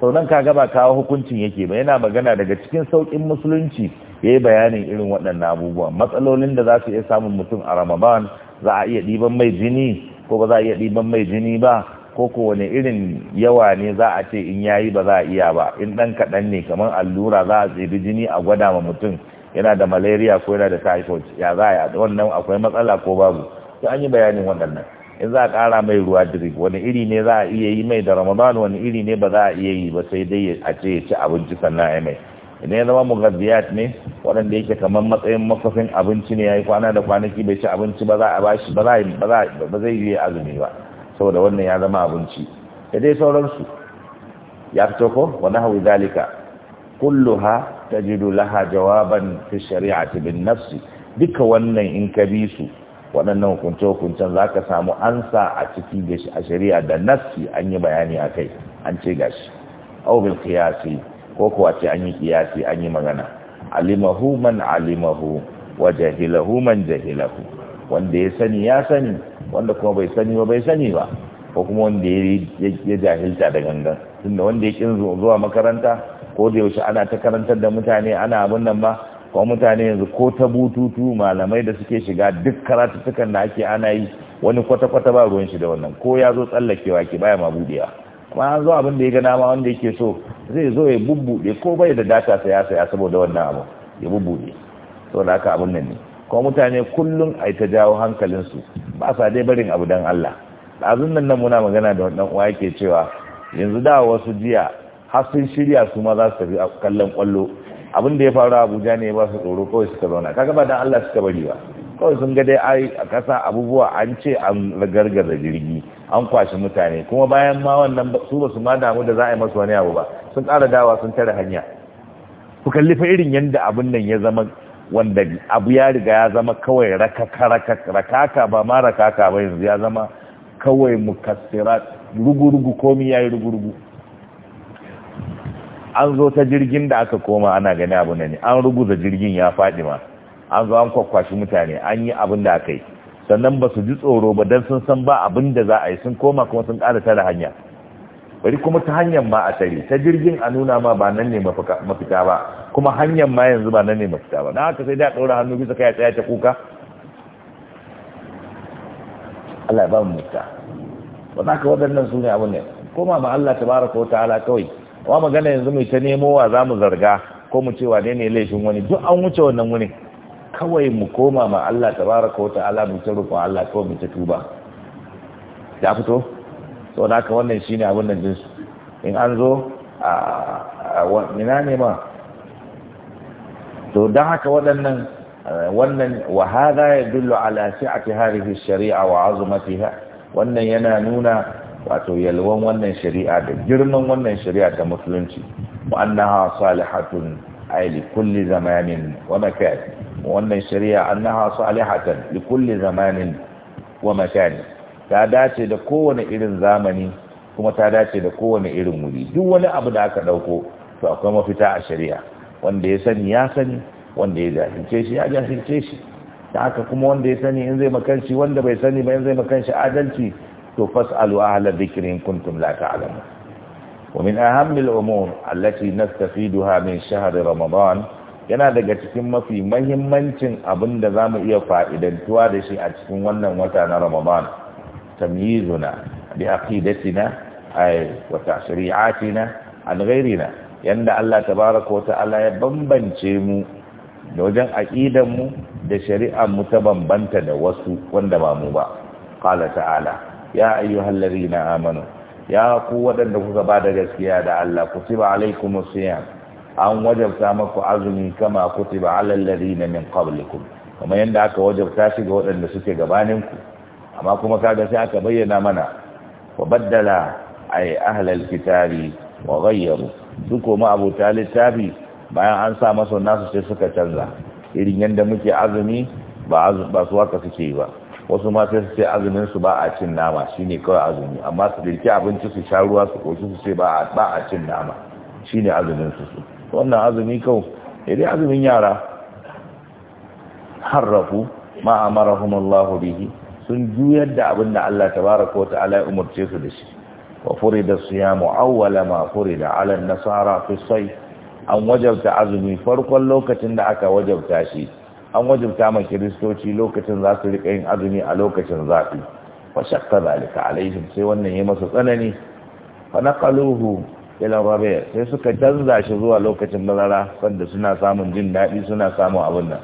S1: sau nan kaga ba kawo hukuncin yake ba yana magana daga cikin sauƙin musulunci ya yi bayanin irin waɗannan abubuwan matsalolin da za su iya samun mutum a ramadan za a iya ɗiban mai jini ko ba za a iya ɗiban mai jini ba ko ko wani irin yawa ne za a ce in yayi ba za a iya ba in ɗan kaɗan ne kamar allura za a tsebi jini a gwada ma mutum yana da malaria ko yana da typhoid ya za a yi wannan akwai matsala ko babu sai an yi bayanin waɗannan in za a ƙara mai ruwa drip wani iri ne za a iya yi mai da ramadan wani iri ne ba za a iya yi ba sai dai a ce ya ci abinci sannan ya mai idan ya zama mugaziyat ne waɗanda yake kamar matsayin makofin abinci ne ya yi kwana da kwanaki bai ci abinci ba za a ba shi ba zai yi azumi ba saboda wannan ya zama abinci da dai sauransu ya fito ko wani hawi zalika kulluha jidu laha jawaban fi ta bin nafsi duka wannan in ka bi su waɗannan hukunce-hukuncen za ka samu ansa a ciki gashi a shari'a da nassi an yi bayani a kai an ce gashi aubil kiyasi ko kuwa ce an yi kiyasi an yi magana alimahu man alimahu wa jahilahu man jahilahu wanda ya sani ya sani wanda kuma bai sani ba bai sani ba ko kuma wanda ya jahilta da gangan tunda wanda ya kin zuwa makaranta ko da yaushe ana ta karantar da mutane ana abin nan ba ko mutane yanzu ko ta bututu malamai da suke shiga duk karatuttukan da ake ana yi wani kwata-kwata ba ruwan shi da wannan ko ya zo tsallakewa ke baya ma budewa amma an zo abin da ya gana ma wanda yake so zai zo ya bubbude ko bai da data saya saya saboda wannan abu ya bubbude saboda haka abin nan ne ko mutane kullum ai ta jawo su ba sa dai barin abu dan Allah azun nan nan muna magana da wannan uwa yake cewa yanzu da wasu jiya har sun shirya su ma za su tafi kallon kwallo abin da ya faru abuja ne ba su tsoro kawai suka zauna kaga ba dan Allah suka bari ba kawai sun ga dai ai a kasa abubuwa an ce an gargaza jirgi an kwashi mutane kuma bayan ma wannan su ba su ma damu da za a yi masu wani abu ba sun kara dawa sun tare hanya ku kalli fa irin yadda abin nan ya zama wanda abu ya riga ya zama kawai rakaka rakaka ba ma rakaka ba yanzu ya zama kawai mukassirat rugu-rugu komi ya yi rugu-rugu an zo ta jirgin da aka koma ana gani abu ne an ruguza jirgin ya faɗi ma an zo an kwakwashi mutane an yi abin da aka yi sannan ba su ji tsoro ba don sun san ba abin da za a yi sun koma kuma sun ƙara tare hanya bari kuma ta hanyar ma a tare ta jirgin a nuna ma ba nan ne mafita ba kuma hanyar ma yanzu ba nan ne mafita ba na haka sai da ɗaura hannu bisa kai tsaya ta kuka Allah ya ba mu mutta ba za ka waɗannan su ne abin ne koma ma Allah tabaraka wa ta'ala kawai wa magana yanzu mai ta nemo wa za mu zarga ko mu cewa ne ne laifin wani duk an wuce wannan wuni kawai mu koma ma Allah tabaraka wa ta'ala mu ta roƙon Allah ko mu ta tuba ya fito da ka wannan shine abin da jinsu in an zo a ina ne ma to don haka waɗannan wannan wa hadha yadullu ala si'ati hadhihi shari'a wa azmatiha wannan yana nuna wato yalwan wannan shari'a da girman wannan shari'a ta musulunci wa annaha salihatun ay li kulli zamanin wa makan wannan shari'a annaha salihatan li kulli zamanin wa makan ta dace da kowane irin zamani kuma ta dace da kowane irin wuri duk wani abu da aka dauko to akwai mafita a shari'a wanda ya sani ya sani wanda ya jahilce shi ya jahilce shi ta haka kuma wanda ya sani in zai makanshi wanda bai sani ba in zai makanshi adalci to fas'alu ahla dhikri in kuntum la ta'lamun wa min ahammi al-umur allati nastafiduha min shahr ramadan yana daga cikin mafi mahimmancin abin da zamu iya fa'idantuwa da shi a cikin wannan wata na ramadan tamyizuna bi aqidatina ay wa tashri'atina an ghayrina yanda Allah tabaaraka wa ta'ala ya bambance mu da wajen aqidan mu da shari'ar mu ta bambanta da wasu wanda ba mu ba qala ta'ala ya ayyuhal ladina amanu ya ku waɗanda kuka ba da gaskiya da Allah kutiba alaikumus siyam an wajabta maku azumi kama kutiba alal ladina min qablikum kuma yanda aka wajabta shi ga waɗanda suke gabanin ku amma kuma kaga sai aka bayyana mana wa baddala ay ahlal kitabi wa ghayyaru duk kuma abu littafi bayan an sa masa nasu sai suka canza irin yanda muke azumi ba ba su suke yi ba wasu ma sai su ce azumin su ba a cin nama shine kawai azumi amma su dirki abinci su sha ruwa su koshi su ce ba a cin nama shine azumin su su wannan azumi kawai iri azumin yara harrafu ma humallahu bihi sun juyar da abin da Allah tabaraka wata'ala ya umarce su da shi wa furida siyamu awwala ma furida ala nasara fi sai an wajabta azumi farkon lokacin da aka wajabta shi an wajibta ma kiristoci lokacin za su riƙa yin azumi a lokacin zafi fa shakka zalika alaihim sai wannan ya masa tsanani fa naqaluhu ila rabi sai suka canza shi zuwa lokacin bazara sanda suna samun jin daɗi suna samun abin nan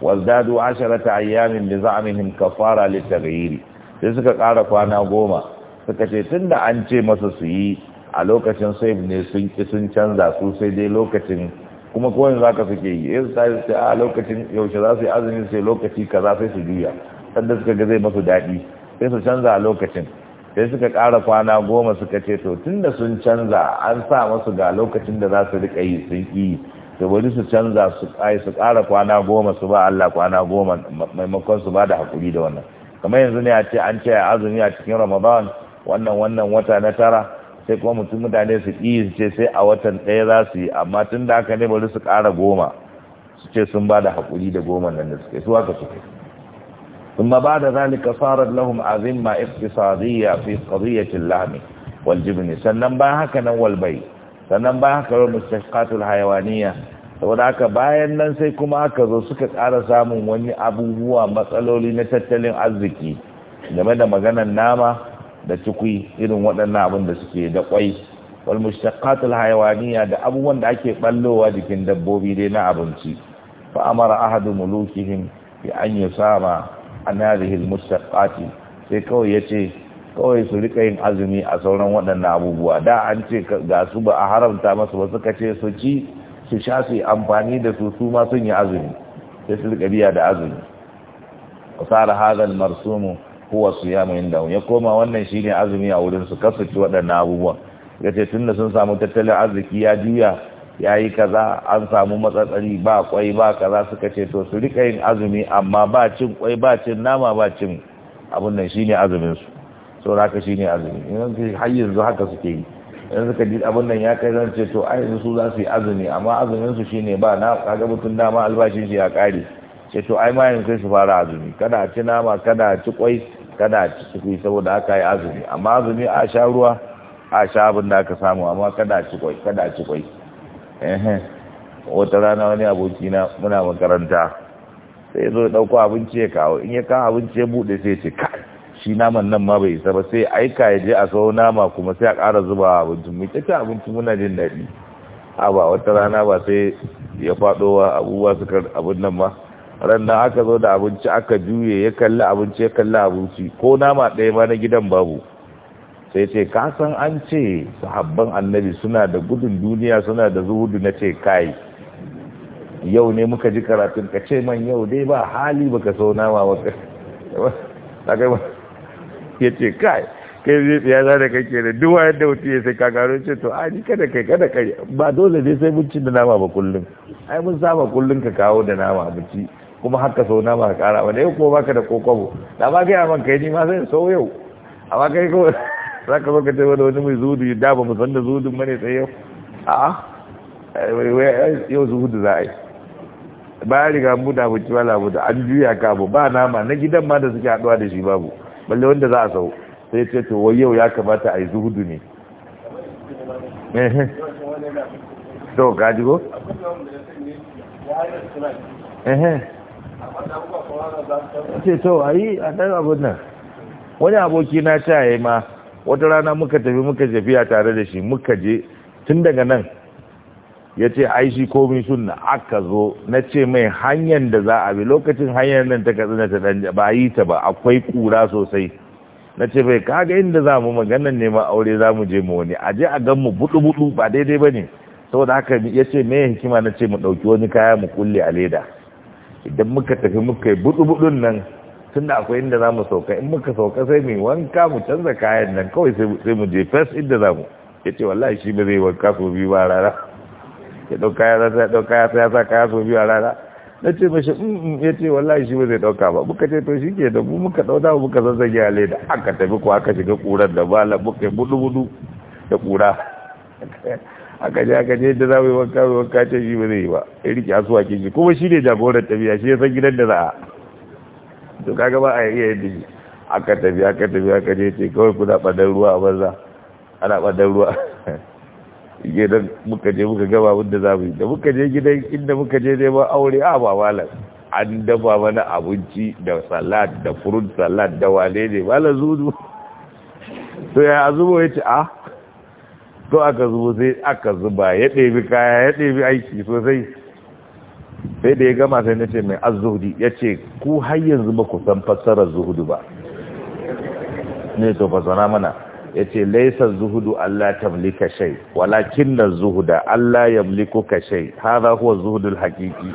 S1: wazdadu asharata ayyamin bi za'mihim kafara litaghyir sai suka ƙara kwana goma suka ce tunda an ce masa su yi a lokacin sai ne sun ki sun canza su sai dai lokacin kuma ko za ka suke yi yanzu eh, sai a ah, lokacin yaushe za su yi azumi sai lokaci kaza sai su juya sanda suka ga zai masu daɗi sai su canza a lokacin sai suka ƙara kwana goma suka ce to tun da sun canza an sa masu ga lokacin da za su riƙa yi sun ƙi to bari su canza su kara su ƙara kwana goma su ba Allah kwana goma maimakon su ba da hakuri da wannan kamar yanzu ne a ce an ce azumi a cikin Ramadan wannan wannan wata na tara sai kuma mutum mutane su ƙi su ce sai a watan ɗaya za su yi amma tun da haka ne bari su ƙara goma su ce sun ba da haƙuri da goma nan da suke su haka suke ثم بعد ذلك ma لهم أذمة اقتصادية في قضية اللحم والجبن sannan ba haka nan walbai sannan ba haka nan mustashqatul hayawaniya saboda haka bayan nan sai kuma aka zo suka ƙara samun wani abubuwa matsaloli na tattalin arziki game da maganar nama da tukwi irin waɗannan abin da suke da kwai wal mushaqqatul hayawaniya da abubuwan da ake ballowa jikin dabbobi dai na abinci fa amara ahadu mulukihim bi an yusama an hadhihi al mushaqqati sai kawai yace kawai su rika yin azumi a sauran waɗannan abubuwa da an ce ga su ba a haramta masu ba suka ce su ci su sha su amfani da su su ma sun yi azumi sai su rika biya da azumi wasara hadha marsumu ya mai indahum ya koma wannan shine azumi a wurin su kasu ci waɗannan abubuwan tun da sun samu tattalin arziki ya juya ya yi kaza an samu matsatsari ba kwai ba kaza suka ce to su rika yin azumi amma ba cin kwai ba cin nama ba cin abun nan shi ne azuminsu so haka ne azumi yanzu har yanzu haka suke yi yanzu suka ji abun nan ya kai zan ce to ai yanzu su za su yi azumi amma azuminsu shi shine ba na kaga mutum dama albashin shi ya kare ce to ai ma yanzu sai su fara azumi kada a ci nama kada a ci kwai kada a ciki saboda aka yi azumi amma azumi a sha ruwa a sha abin da aka samu amma kada ci kwai kada ci kwai wata rana wani abokina muna makaranta sai zo ya ɗauko abinci ya kawo in ya kawo abinci ya buɗe sai ce ka shi naman nan ma bai isa ba sai aika ya je a sau nama kuma sai a ƙara zuba abincin mu ita abinci muna jin daɗi a ba wata rana ba sai ya faɗo wa abubuwa suka abin nan ba randa aka zo da abinci aka juye ya kalli abinci ya kalli abinci ko nama ɗaya ma na gidan babu sai ce ka san an ce sahabban annabi suna da gudun duniya suna da zuhudu na ce kai yau ne muka ji karatun ka ce man yau dai ba hali baka so nama kai ba ya ce kai kai zai tsaya za da kake da duwa yadda mutum ya sai kakarun ce to a ni kada kai kada kai ba dole ne sai mun ci da nama ba kullum ai mun saba kullum ka kawo da nama abinci kuma haka sau na ba kara wanda yau kuma baka da kokobo da ba gaya man kai ni ma sai sau yau amma kai kawai za ka baka taiwa da wani mai zudu ya daba musan da zudun mane sai yau a yau zuhudu za a yi ba riga mu da ci wala mu da an juya ka bu ba nama na gidan ma da suke haɗuwa da shi babu balle wanda za a sau sai ce to wai yau ya kamata a yi zuhudu ne to ka jigo? ehe ce to a yi a ɗan abin nan wani aboki na ta yi ma wata rana muka tafi muka tafiya tare da shi muka je tun daga nan ya ce ai shi komi na aka zo na ce mai hanyar da za a bi lokacin hanyar nan ta na ta ɗan ba yi ta ba akwai kura sosai na ce bai kaga inda za mu maganan neman aure za mu je mu wani a je a gan mu buɗu-buɗu ba daidai ba ne saboda haka ya ce mai hikima na ce mu ɗauki wani kaya mu kulle a leda idan muka tafi muka yi budu-budun nan tun da akwai inda za mu sauka in muka sauka sai mu wanka mu canza kayan nan kawai sai mu je fes inda za mu ya ce wallahi shi ba zai wanka su biyu ba rara ya ɗauka ya za ya ɗauka ya sa kaya su biyu a rara na ce mashi ya ce wallahi shi ba zai ɗauka ba muka ce to shi ke da mu muka ɗauka mu muka zazzage a leda aka tafi ko aka shiga ƙurar da la muka yi budu-budu da ƙura aka je aka je da za mu yi wanka mu wanka ce shi ba zai yi ba ya rike asuwa ke shi kuma shi ne jagorar tafiya shi ya san gidan da za a to kaga ba a iya yadda shi aka tafi aka tafi aka je ce kawai kuna ɓadar ruwa a banza ana ɓadar ruwa don muka je muka gaba wanda za mu yi da muka je gidan inda muka je neman aure a ba malam an dafa mana abinci da salad da furut salad da wane ne malam zuzu to ya azubo ya ce ah to aka zubo sai aka zuba ya ɗebi kaya ya ɗebi aiki sosai sai da ya gama sai na ce mai azuhudi ya ce ku har yanzu ba ku san fassarar zuhudu ba ne to sana mana ya ce laisar zuhudu Allah tamlika shai walakin na zuhuda Allah ya mliku ka shai hada kuwa zuhudu hakiki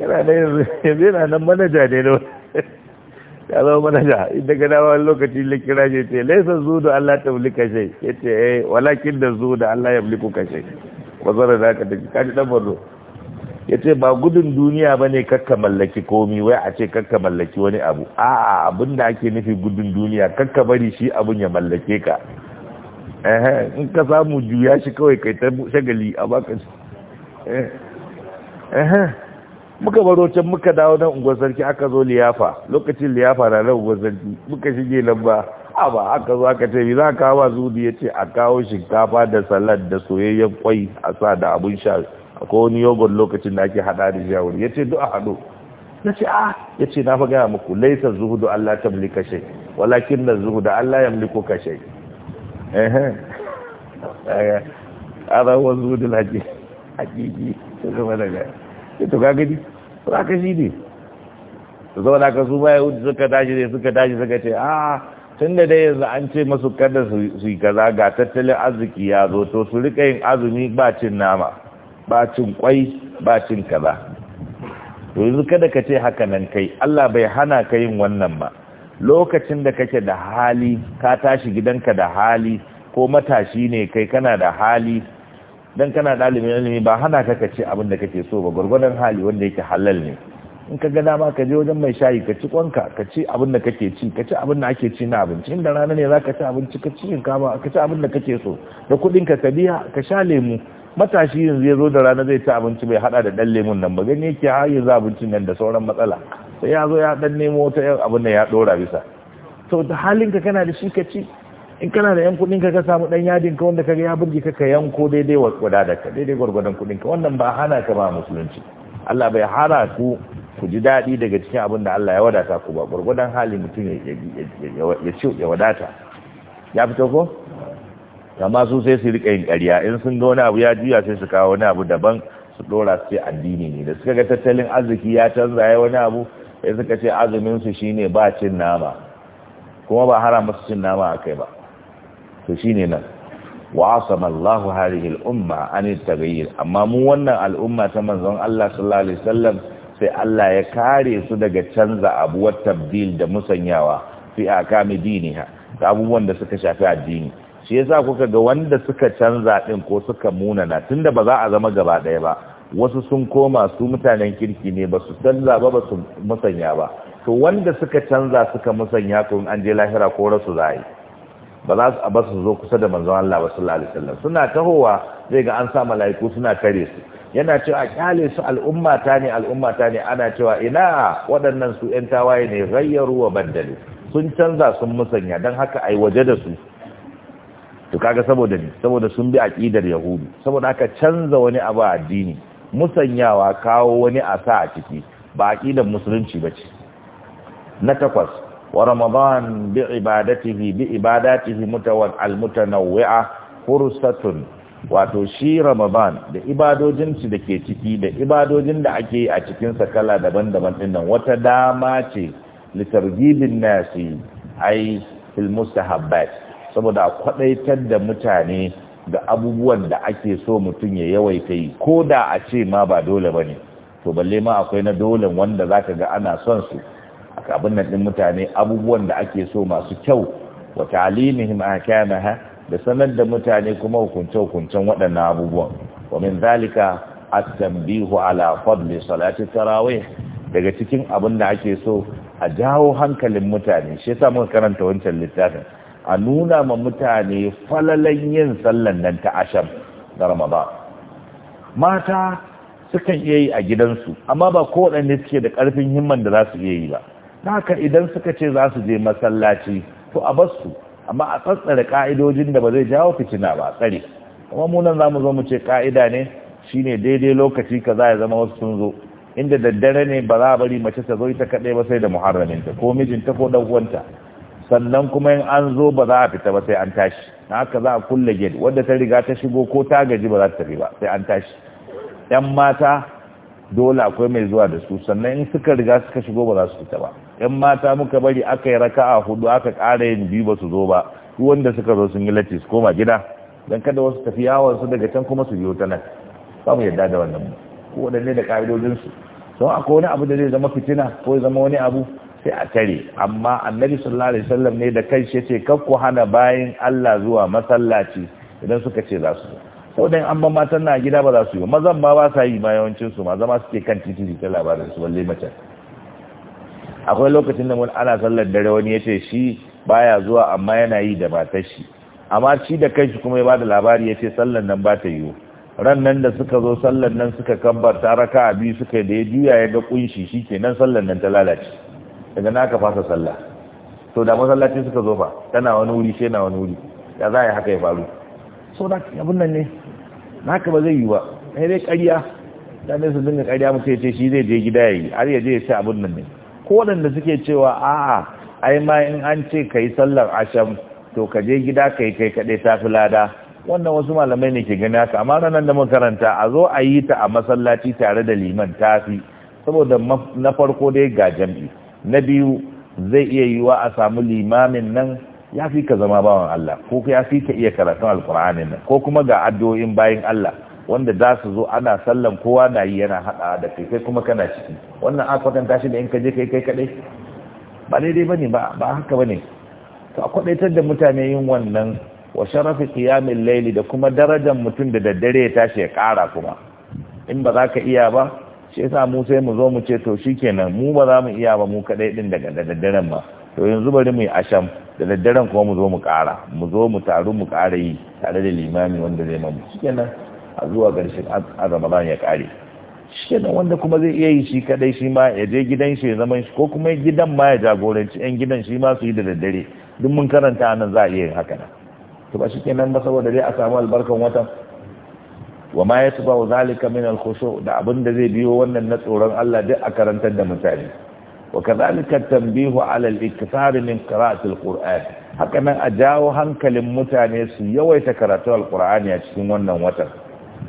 S1: yana nan manaja ne da ya zama manaja inda ga dawa lokaci da kira shi ce laisa zu da Allah ta wuli kashe ya ce eh walakin da zu da Allah ya wuli ku kashe ba zara da ka daji kaji dan barno ya ce ba gudun duniya ba ne kakka mallaki komi wai a ce kakka mallaki wani abu a'a abin da ake nufi gudun duniya kakka bari shi abun ya mallake ka in ka samu juya shi kawai kai ta shagali a baka shi eh, muka baro can muka dawo nan unguwar sarki aka zo liyafa lokacin liyafa na nan unguwar sarki muka shige nan ba a ba aka zo aka ce za ka ba zudi ya ce a kawo shinkafa da salad da soyayyen kwai a sa da abun sha akwai wani yogurt lokacin da ake hada da shawar ya ce du'a a haɗu ya ce a ah. ya ce na fa gaya muku laisa zuhudu Allah ta mulka shai walakin na zuhudu Allah ya mulku ka shai eh eh ara wa zuhudu laji hakiki sai daga ya to ka gani ba ka shi ne su zaune aka su ma suka tashi ne suka tashi suka ce a ah, tun da dai yanzu an ce masu kada su yi kaza ga tattalin arziki ya zo to su rika yin azumi ba cin nama ba cin kwai ba cin kaza to yanzu kada ka ce haka nan kai Allah bai hana ka yin wannan ba lokacin da kake da hali ka tashi gidanka da hali ko matashi ne kai kana da hali dan kana dalibin ilimi ba hana ka kace abin da kake so ba gurgurdan hali wanda yake halal ne in ka ga dama ka je wajen mai shayi ka ci kwanka ka ci abin da kake ci ka ci abin da ake ci na abinci inda rana ne zaka ci abinci ka ci shinkafa ka ci abin da kake so da kuɗin ka ka biya ka sha lemu matashi yanzu ya zo da rana zai ci abinci bai hada da dan lemun nan ba gani yake har yanzu abincin nan da sauran matsala sai ya zo ya dan nemo wata yan abin da ya ɗora bisa to da halin ka kana da shi ka ci in kana da yan kudin ka samu dan yadin ka wanda kaga ya burge ka ka yanko daidai gwargwada da ka daidai gwargwadon kudin ka wannan ba hana ka ba musulunci Allah bai hara ku ku ji dadi daga cikin abin da Allah ya wadata ku ba gwargwadon hali mutum ya ce ya wadata ya fito ko amma su sai su rika yin ƙarya in sun ga wani abu ya juya sai su kawo wani abu daban su dora su ce addini ne da suka ga tattalin arziki ya canza ya wani abu sai suka ce azumin su shine ba cin nama kuma ba haram su cin nama a kai ba to shine nan wa asama Allah hadhihi al-umma an amma mu wannan al'umma ta manzon Allah sallallahu alaihi wasallam sai Allah ya kare su daga canza abu wa tabdil da musanyawa fi akami diniha da abubuwan da suka shafi addini shi yasa kuka ga wanda suka canza din ko suka munana tunda ba za a zama gaba daya ba wasu sun koma su mutanen kirki ne ba su canza ba ba su musanya ba to wanda suka canza suka musanya ko an je lahira ko rasu zai ba za su abasu zo kusa da manzon Allah ba sallallahu alaihi wasallam suna tahowa zai ga an sa mala'iku suna kare su yana cewa kyale su al'umma ta ne al'umma ta ne ana cewa ina waɗannan su ƴan tawaye ne rayyaru wa baddalu sun canza sun musanya don haka ai waje da su to kaga saboda ni saboda sun bi aqidar yahudu saboda haka canza wani abu a addini musanyawa kawo wani asa a ciki ba aqidar musulunci bace na takwas ورمضان بعبادته بعباداته متوال المتنوعة فرصة wato shi Ramadan da ibadojin su dake ciki da ibadojin da ake a cikin sa kala daban-daban dinnan wata dama ce litargibin nasi ai fil mustahabbat saboda kwadaitar da mutane ga abubuwan da ake so mutum ya yawaita yi ko da a ce ma ba dole bane to balle ma akwai na dole wanda zaka ga ana son su abin nan din mutane abubuwan da ake so masu kyau wa ta'alimihim akamaha da sanar da mutane kuma hukunce hukuncen waɗannan abubuwan wa min zalika at-tanbihu ala fadli salati tarawih daga cikin abin da ake so a jawo hankalin mutane shi yasa muka karanta wancan littafin a nuna ma mutane falalan yin sallan nan ta ashar da ramadan mata sukan iya yi a gidansu amma ba kowaɗanne suke da ƙarfin himman da za su iya yi ba haka idan suka ce za su je masallaci to a basu amma a tsatsara ka'idojin da ba zai jawo fitina ba tsare kuma mu nan zamu zo mu ce ka'ida ne shine daidai lokaci kaza ya zama wasu sun zo inda daddare ne ba za a bari mace ta zo ita kadai ba sai da muharraminta ko mijinta ko dan uwanta sannan kuma in an zo ba za a fita ba sai an tashi na haka za a kulle gate wadda ta riga ta shigo ko ta gaji ba za ta tafi ba sai an tashi yan mata dole akwai mai zuwa da su sannan in suka riga suka shigo ba za su fita ba yan mata muka bari aka yi raka'a hudu aka ƙara yin biyu ba su zo ba su wanda suka zo sun yi latti su koma gida don kada wasu tafi yawon su daga can kuma su biyo ta nan ba mu yarda da wannan ko wadanne da ƙa'idojinsu don akwai wani abu da zai zama fitina ko ya zama wani abu sai a tare amma annabi sallallahu alaihi wasallam ne da kai shi ce kar ku hana bayan Allah zuwa masallaci idan suka ce za su Ko an ban matan na gida ba za su yi mazan ma ba sa yi bayawancin su ma zama suke kan titi ta labarin su balle mace akwai lokacin da mun ana sallar dare wani ya ce shi baya zuwa amma yana yi da matar shi amma shi da kanshi kuma ya bada labari ya ce sallar nan ba ta yiwu ran nan da suka zo sallar nan suka ta raka a biyu suka da ya juya ya ga kunshi shi ke nan sallar nan ta lalace daga na aka fasa sallah to da masallaci suka zo fa tana wani wuri shi na wani wuri ya za a yi haka ya faru so da abin nan ne na haka ba zai yi ba sai dai ƙarya da ne su dinga ƙarya mu ya ce shi zai je gida ya yi har ya je ya ce abin nan ne ko suke cewa a'a ai ma in an ce ka sallar asham to ka je gida ka kai kaɗai tafi lada wannan wasu malamai ne ke gani haka amma na da makaranta a zo a yi ta a masallaci tare da liman tafi saboda na farko dai ga jam'i na biyu zai iya yiwa a samu limamin nan ya fi ka zama bawan Allah ko ya fi ka iya karatun alkur'anin nan ko kuma ga addu'o'in bayin Allah wanda za su zo ana sallan kowa na yi yana hada da kai kai kuma kana ciki wannan a kwatanta tashi da in ka je kai kai kadai ba daidai ba ne ba haka ba to a kwaɗaitar da mutane yin wannan wa sharafi kiyamin laili da kuma darajar mutum da daddare ya tashi ya kara kuma in ba za ka iya ba shi yasa mu sai mu zo mu ce to shikenan mu ba za mu iya ba mu kadai din daga daddaren ba to yanzu bari mu yi asham da daddaren kuma mu zo mu kara mu zo mu taru mu kara yi tare da limami wanda zai mamu shikenan A zuwa garshen ramadan ya kare shi ne wanda kuma zai iya yi shi kadai shi ma ya je gidan shi ya zama shi ko kuma gidan ma ya jagoranci yan gidan shi ma su yi da daddare duk mun karanta nan za a iya yin haka nan to ba shi kenan ba saboda dai a samu albarkan watan wa ma yatba'u zalika min al-khushu' da abin da zai biyo wannan na tsoron Allah duk a karantar da mutane wa kadhalika tanbihu 'ala al-ikthar min qira'ati al-qur'an haka nan a jawo hankalin mutane su yawaita karatu al-qur'ani a cikin wannan watan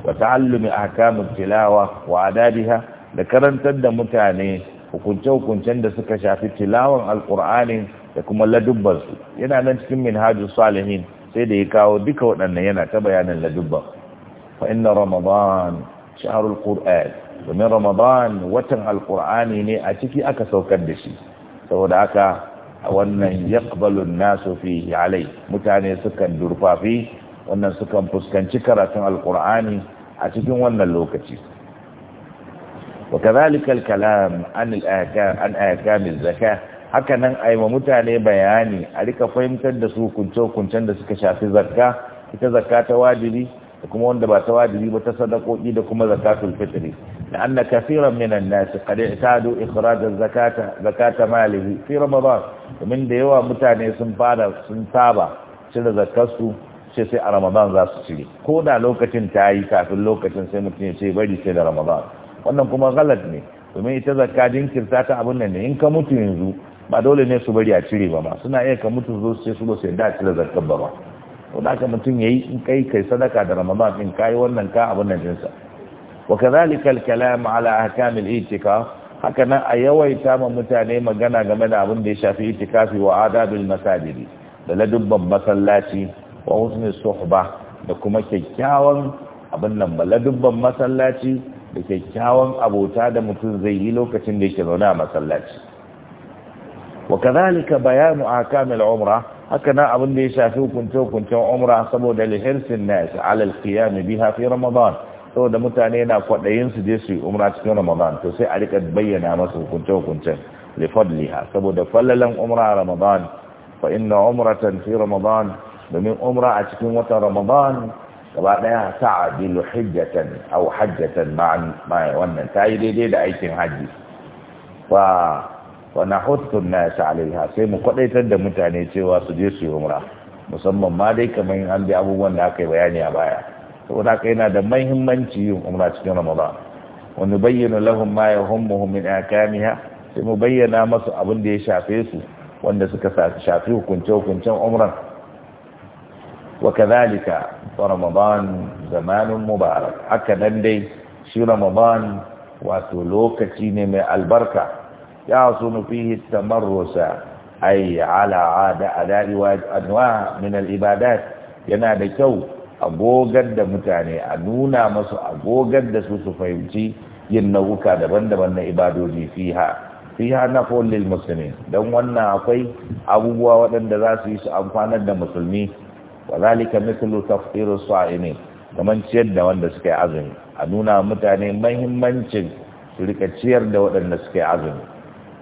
S1: wa ta'allumi ahkamut tilawa wa da karantar da mutane hukunce-hukuncen da suka shafi tilawan alqur'ani da kuma ladubban su yana nan cikin minhajus salihin sai da ya kawo duka waɗannan yana ta bayanin ladubban fa inna ramadan shahrul qur'an domin ramadan watan alqur'ani ne a ciki aka saukar da shi saboda haka wannan yaqbalu an-nasu fihi alai mutane sukan durfafi wannan sukan fuskanci karatun alkur'ani a cikin wannan lokaci وكذلك الكلام عن الاحكام عن احكام الزكاه haka nan a yi wa mutane bayani a rika fahimtar da su kunce-kuncen da suka shafi zakka ita zakka ta wajibi da kuma wanda ba ta wajibi ba ta sadakoki da kuma zakatul fitri da anna kaseeran minan nas qad i'tadu ikhraj zakata zakata malihi fi ramadan domin da yawa mutane sun fara sun saba cire su. ce sai a ramadan za su cire ko da lokacin ta yi kafin lokacin sai mutum ya ce bari sai da ramadan wannan kuma galat ne domin ita zakka jinkirta ta abin nan ne in ka mutu yanzu ba dole ne su bari a cire ba ma suna iya ka mutu zo sai su ba da yadda a cire zakkar ba ma to da mutum yayi in kai kai sadaka da ramadan in kai wannan ka abin nan dinsa wa kadhalika al-kalam ala ahkam al-i'tikaf haka nan a yawaita ma mutane magana game da abin da ya shafi itikafi wa adabul masajidi da ladubban masallaci wa husnul suhba da kuma kyakkyawan abin nan dubban masallaci da kyakkyawan abota da mutum zai yi lokacin da yake zaune a masallaci wa kadhalika bayanu akamil umra haka na abin da ya shafi hukunce hukuncen umra saboda lihirsin nas ala alqiyam biha fi ramadan saboda mutane na kwadayin su je su yi umra cikin ramadan to sai a rika bayyana masa hukunce hukuncen li fadliha saboda fallalan umra ramadan fa inna umratan fi ramadan domin umra a cikin watan ramadan gaba daya ta'dilu hajjatan aw hajjatan ma'an wannan tayi daidai da aikin haji fa wa nahuttu an-nas 'alayha sai mu kwadaitar da mutane cewa su je su yi umra musamman ma dai kamar an bi abubuwan da aka yi bayani a baya saboda haka yana da muhimmanci yin umra cikin ramadan wa nubayyinu lahum ma yahummuhum min akamiha sai mu bayyana masu abin da ya shafe su wanda suka shafi hukunce-hukuncen umran wakadhalika wa ramadan zamanun mubarak haka nan dai shi ramadan wato lokaci ne mai albarka ya sunu fihi tamarrusa ay ala ada adari wa anwa min al ibadat yana da kyau agogar da mutane a nuna masu agogar da su fahimci yin nau'uka daban-daban na ibadoji fiha fiha na kullil musulmi, dan wannan akwai abubuwa waɗanda za su yi su amfanar da musulmi wa zalika mithlu tafsir as-sa'imin kaman ciyar da wanda suka yi azumi a nuna mutane muhimmancin su rika ciyar da waɗanda suka yi azumi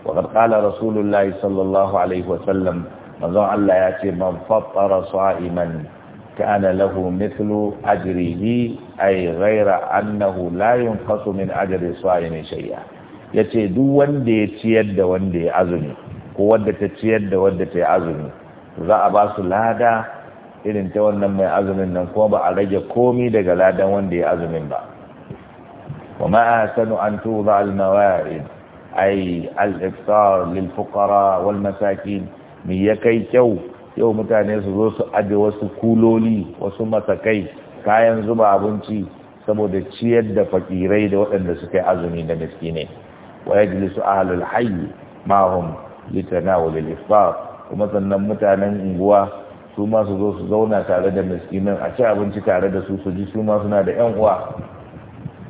S1: wa qad qala rasulullahi sallallahu alaihi wa sallam manzon Allah ya ce man fattara sa'iman kana lahu mithlu ajrihi ay ghaira annahu la yunqasu min ajri sa'imin shay'a yace duk wanda ya ciyar da wanda ya azumi ko wanda ta ciyar da wanda ta yi azumi za a ba su lada irin ta wannan mai azumin nan kuma ba a rage komi daga ladan wanda ya azumin ba wa ma sanu an tuza al ay al iftar lil fuqara wal masakin mi kai kyau yau mutane su zo su aje wasu kuloli wasu masakai kayan zuba abinci saboda ciyar da fakirai da waɗanda suka yi azumi da miskine wa yajlisu ahlul hayy ma'hum litanawul al iftar kuma sannan mutanen unguwa su ma su zo su zauna tare da miskinan a ci abinci tare da su su ji su ma suna da yan uwa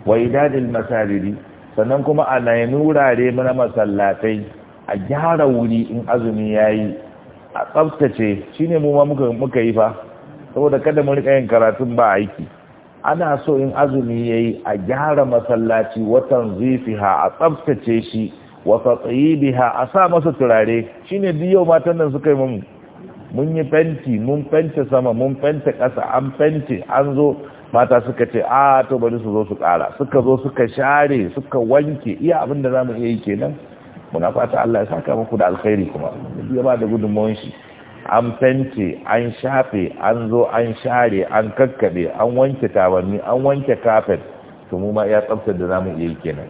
S1: wa idadil masajidi sannan kuma a nayin wurare na masallatai a gyara wuri in azumi yayi a tsaftace shine mu ma muka yi fa saboda kada mu rika yin karatun ba aiki ana so in azumi yayi a gyara masallaci watan zifiha a tsaftace shi wa biha a sa masa turare shine duk yau matan nan suka yi mun mun yi fenti mun fenti sama mun fenti ƙasa an fenti an zo mata suka ce a to bari su zo su ƙara suka zo suka share suka wanke iya abin da za iya yi kenan muna fata Allah ya saka muku da alkhairi kuma ya ba da gudunmawar shi an fente an shafe an zo an share an kakkaɓe an wanke tabanni an wanke kafet to mu ma ya tsaftar da zamu iya kenan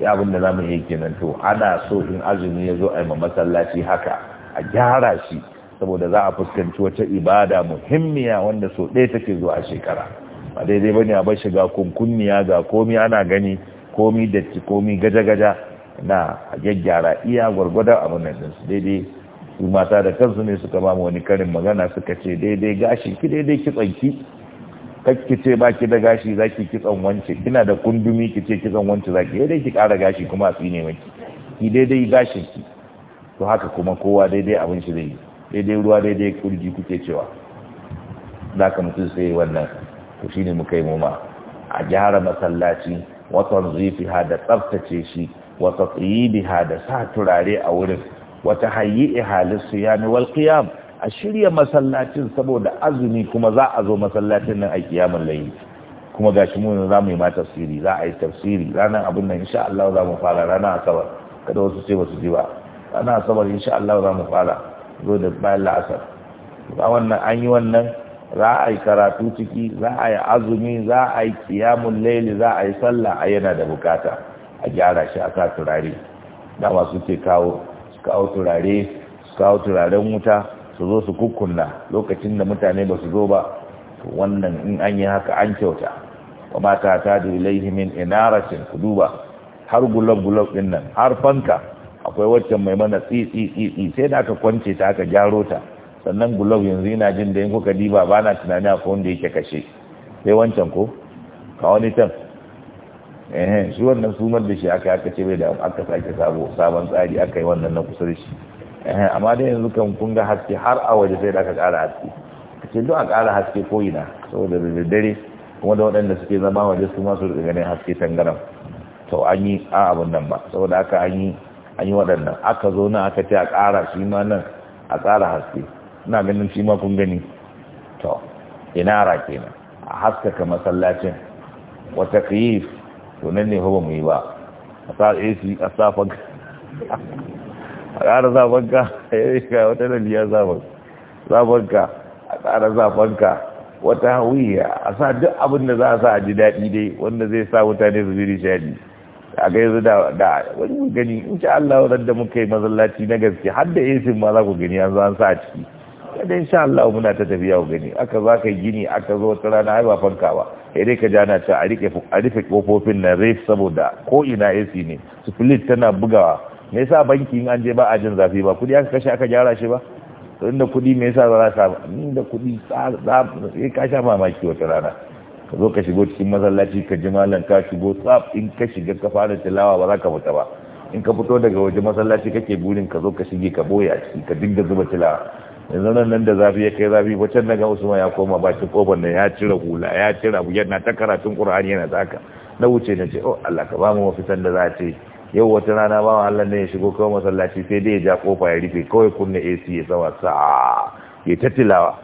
S1: ya abin da zamu iya kenan to ana so in azumi ya zo a yi masallaci haka a gyara shi saboda za a fuskanci wata ibada muhimmiya wanda so ɗaya take zuwa a shekara ba daidai ba ne a bar shiga kunkunniya ga komi ana gani komi datti komi gaja-gaja na gyaggyara iya gwargwada abin nan ɗinsu daidai su mata da kansu ne suka ba mu wani karin magana suka ce daidai gashi ki daidai kitson ki kakki ce ba ki da gashi za ki kitson wance kina da kundumi ki ce kitson wance za ki daidai ki kara gashi kuma a tsine maki ki daidai gashin ki to haka kuma kowa daidai abin shi zai yi daidai ruwa daidai kurji kuke cewa za ka mutum sai wannan to shine muka yi muma a gyara masallaci watan ha da tsaftace shi wata tsiyibiha da sa turare a wurin wata hayi ihalisu ya ni wal a shirya masallacin saboda azumi kuma za a zo masallacin nan a kiyamun layi kuma ga shi mun za mu yi ma tafsiri za a yi tafsiri ranar abin nan insha Allah za mu fara ranar asabar kada wasu ce ba su ji ba ranar asabar insha Allah za mu fara zo da bayan la'asar a wannan an yi wannan za a yi karatu ciki za a yi azumi za a yi kiyamun laili za a yi sallah a yana da bukata a gyara shi a sa turare dama su ce kawo su kawo turare su kawo turaren wuta su zo su kukkunna lokacin da mutane ba su zo ba wannan in an yi haka an kyauta wa mata ta da ilaihimin inaratin ku duba har gulab gulab din nan har fanka akwai waccan mai mana tsitsi sai da aka kwance ta aka gyaro ta sannan gulob yanzu yana jin da yin kuka diba ba na tunani akwai wanda yake kashe sai wancan ko ka wani can eh shi wannan sumar da shi aka aka ce bai da aka sake sabo sabon tsari aka yi wannan na kusa da shi eh amma dai yanzu kan kunga haske har a waje sai da aka ƙara haske ce duk a ƙara haske ko ina saboda da dare kuma da waɗanda suke zama waje su ma su ganin haske tangaram to an yi a abin nan ba saboda haka an yi an yi waɗannan aka zo na aka ce a ƙara shi ma nan a ƙara haske ina ganin shi ma kun gani to ina inara kenan a haskaka masallacin wata kayif to nan ne ba mu yi ba a sa AC a sa fanka a ƙara sa fanka ka eh, wata daliya sa sa fanka a ƙara sa fanka wata hawiya a sa duk abin da za a sa a ji daɗi dai wanda zai sa mutane su ji nishadi a ga yanzu da wani gani in sha Allah ran da muka yi masallaci na gaske har da isin ma za ku gani yanzu an sa a ciki in sha Allah muna ta tafiya ku gani aka za ka gini aka zo ta rana ai ba fanka ba sai dai ka jana ta a rike a rufe kofofin na ref saboda ko ina AC ne split tana bugawa me yasa banki in an je ba a jin zafi ba kudi aka kashe aka gyara shi ba to inda kudi me yasa za ka inda kudi za ka sha mamaki wata rana ka zo ka shigo cikin masallaci ka ji malam ka shigo tsaf in ka shiga ka fara tilawa ba za ka fita ba in ka fito daga waje masallaci kake burin ka zo ka shige ka boye a ciki ka dinga zuba tilawa yanzu nan nan da zafi ya kai zafi ba can ga usman ya koma ba bakin kofar nan ya cire hula ya cire abu yana ta karatun qur'ani yana zaka na wuce na ce oh Allah ka ba mu mafitan da za a ce yau wata rana ba Allah ne ya shigo kawai masallaci sai dai ya ja kofa ya rufe kawai kunna AC ya sa sa ya ta tilawa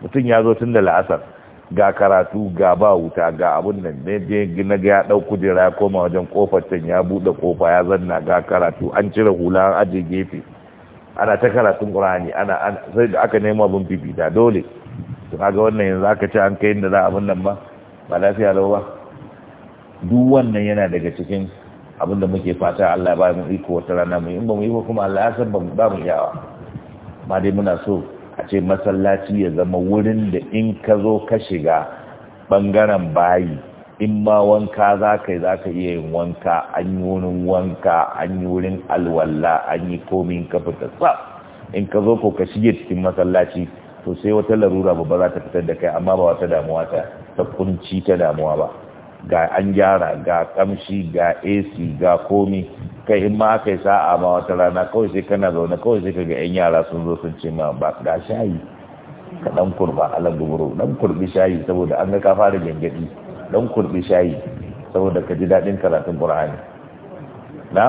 S1: mutum ya zo tun da la'asar ga karatu ga ba wuta ga abun nan ne je gina ga ya dauku kujera ya koma wajen kofar can ya bude kofa ya zanna ga karatu an cire hula an aje gefe ana ta karatun qur'ani ana sai da aka nemo abun da dole to kaga wannan yanzu aka ce an kai inda za abun nan ba ba lafiya lau ba duk wannan yana daga cikin abin da muke fata Allah ya ba mu iko wata rana mu in ba mu yi ba kuma Allah ya san ba mu iyawa ba dai muna so a ce masallaci ya zama wurin da in ka zo ka shiga ɓangaren bayi in ma wanka za ka yi za ka iya yin wanka an yi wurin wanka an yi wurin alwalla an yi in ka fita tsaf in ka zo ko ka shige cikin masallaci to sai wata larura babba za ta fitar da kai amma ba wata damuwa ta ta kunci ta damuwa ba ga an gyara ga kamshi ga ac ga komi kai in ma kai sa'a ma wata rana kawai sai kana zaune kawai sai ka ga yan yara sun zo sun ce ma ba ga shayi ka dan kurba alan gumuru dan kurbi shayi saboda an ga ka fara gangadi dan kurbi shayi saboda ka ji dadin karatun qur'ani na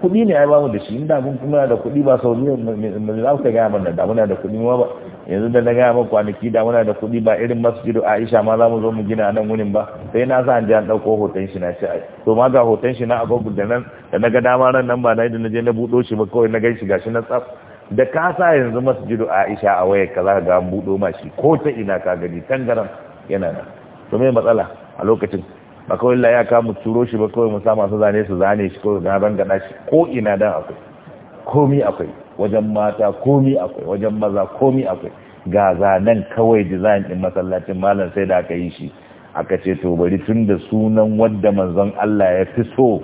S1: kuɗi ne ai bamu da shi inda mun kuma da kudi ba sau biyu mai za ku gaya mana da muna da kudi ma ba yanzu da na gaya mana kwanaki da muna da kuɗi ba irin masjidu Aisha ma za mu zo mu gina nan wurin ba sai na sa an ji an ɗauko hoton shi na ce ai to ma ga hoton shi na a da nan da na ga dama ran nan ba na da na je na buɗo shi ba kawai na gaishe gashi na tsaf da ka sa yanzu masjidu Aisha a waya ka za ka ga an buɗo ma shi ko ta ina ka gani tangaran yana nan to me matsala a lokacin ba kawai la ya kama turo shi ba kawai musa masu zane su zane shi kawai na gada shi ko ina dan akwai komi akwai wajen mata komi akwai wajen maza komi akwai ga zanen kawai design din masallacin malam sai da aka yi shi aka ce to bari tun da sunan wadda manzon Allah ya fi so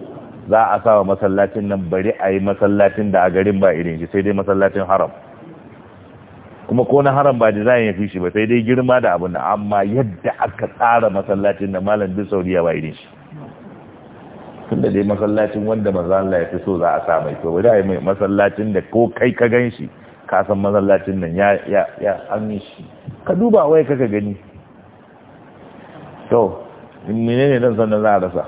S1: za a sa wa masallacin nan bari a yi masallacin da a garin ba irin shi sai dai masallacin haram kuma ko na haram ba design ya fi shi ba sai dai girma da abin amma yadda aka tsara masallacin da malam bin sauriya ba irin shi tunda dai masallacin wanda manzo Allah ya fi so za a sa mai to da mai masallacin da ko kai ka gan shi ka san masallacin nan ya ya ya an yi shi ka duba wai kaka gani to menene dan sannan za a rasa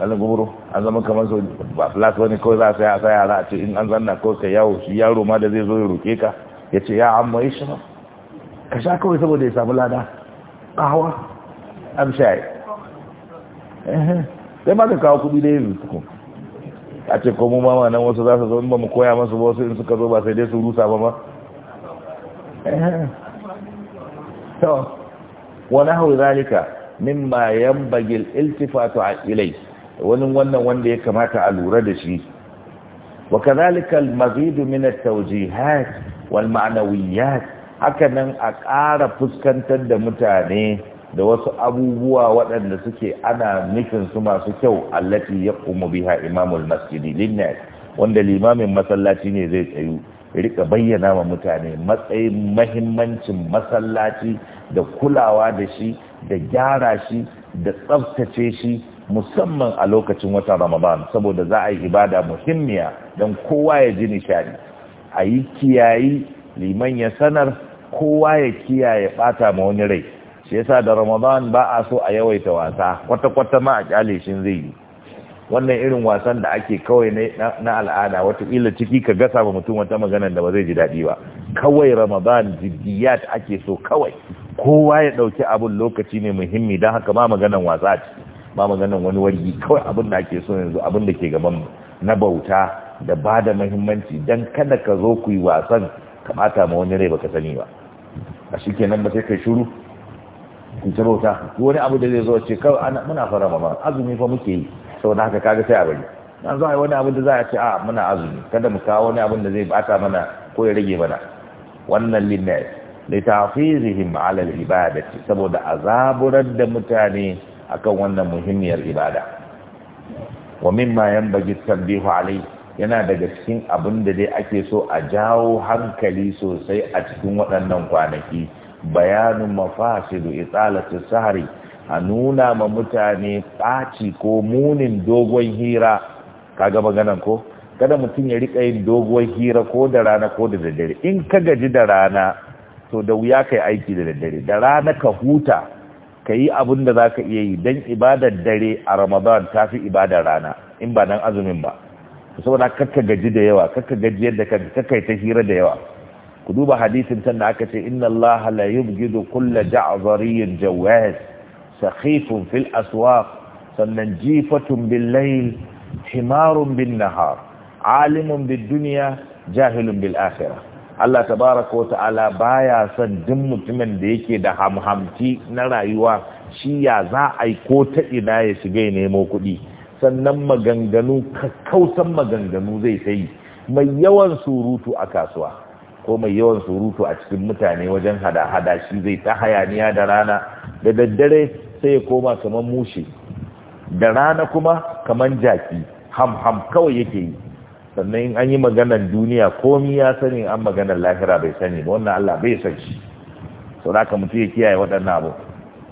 S1: Allah gumuro an zama kamar so ba plus wani ko za a saya a a ce in an zanna ko ka yawo shi yaro ma da zai zo ya roke ka ya ce ya amma yi shara ka sha kawai saboda ya samu lada ƙawa amshaye sai ma ka kawo kudi da yin suku a ce ko mu mama nan wasu za su zo in ba mu koya masu ba wasu in suka zo ba sai dai su rusa ba ma to wani hau zalika mimma yan bagil iltifatu a ilai wani wannan wanda ya kamata a lura da shi wa kazalika al-mazidu min at-tawjihat wal ma'anawiyat hakanan a ƙara fuskantar da mutane da wasu abubuwa waɗanda suke ana nufin su masu kyau allati yaqumu biha imamul masjidi linnas wanda limamin masallaci ne zai tsayu rika bayyana wa mutane matsayin mahimmancin masallaci da kulawa da shi da gyara shi da tsaftace shi musamman a lokacin watan ramadan saboda za a yi ibada muhimmiya don kowa ya ji nishadi a yi kiyayi liman ya sanar kowa ya kiyaye bata ma wani rai shi yasa da ramadan ba a so a yawaita wasa kwata-kwata ma a kyale shi zai yi wannan irin wasan da ake kawai na al'ada wata watakila ciki ka gasa ba mutum wata magana da ba zai ji daɗi ba kawai ramadan jiddiyat ake so kawai kowa ya ɗauki abun lokaci ne muhimmi don haka ma maganan wasa ba maganan wani wargi kawai abin da ake so yanzu abin da ke gaban na bauta da ba da mahimmanci don kada ka zo ku yi wasan ka bata ma wani rai baka sani ba a shi nan ba sai kai shuru ku ci bauta wani abu da zai zo ce kawai muna fara ba azumi fa muke yi saboda haka kaga sai a bari na za a yi wani abu da za a ce a muna azumi kada mu kawo wani abu da zai bata mana ko ya rage mana wannan linnas litafizihim ala al-ibadati saboda azaburar da mutane akan wannan muhimmiyar ibada wa mimma yanbaghi at-tanbihu alayhi yana daga cikin abin da dai ake so a jawo hankali sosai a cikin waɗannan kwanaki bayanin tsala, itsalata sahari a nuna ma mutane ɓaci ko munin dogon hira kaga maganan ko kada mutum ya rika yin doguwar hira ko da rana ko da daddare in ka gaji da rana to da wuya ka yi aiki da daddare da rana ka huta ka yi abin da za ka iya yi don ibadar dare a ramadan ta fi ibadar rana in ba nan azumin ba saboda kakka gaji da yawa kakka gaji yadda ka kakkai ta hira da yawa ku duba hadisin tan da aka ce inna allaha la yubghidu kulla ja'zariyyin jawaz sakhifun fil aswaq sannan jifatun bil layl himarun bin nahar alimun bid dunya jahilun bil akhirah Allah tabaraka wa ta'ala baya son duk mutumin da yake da hamhamti na rayuwa shi ya za a yi ko ta ina ya shiga ya nemo kuɗi sannan maganganu kakkausan maganganu zai sai mai yawan surutu a kasuwa ko mai yawan surutu a cikin mutane wajen hada-hada shi zai ta hayaniya da rana da daddare sai ya koma kamar mushe da rana kuma kamar jaki ham-ham kawai yake yi sannan an yi maganar duniya komi ya sani an maganar lahira bai sani ba wannan Allah bai san shi sau da mutu ya kiyaye waɗannan abu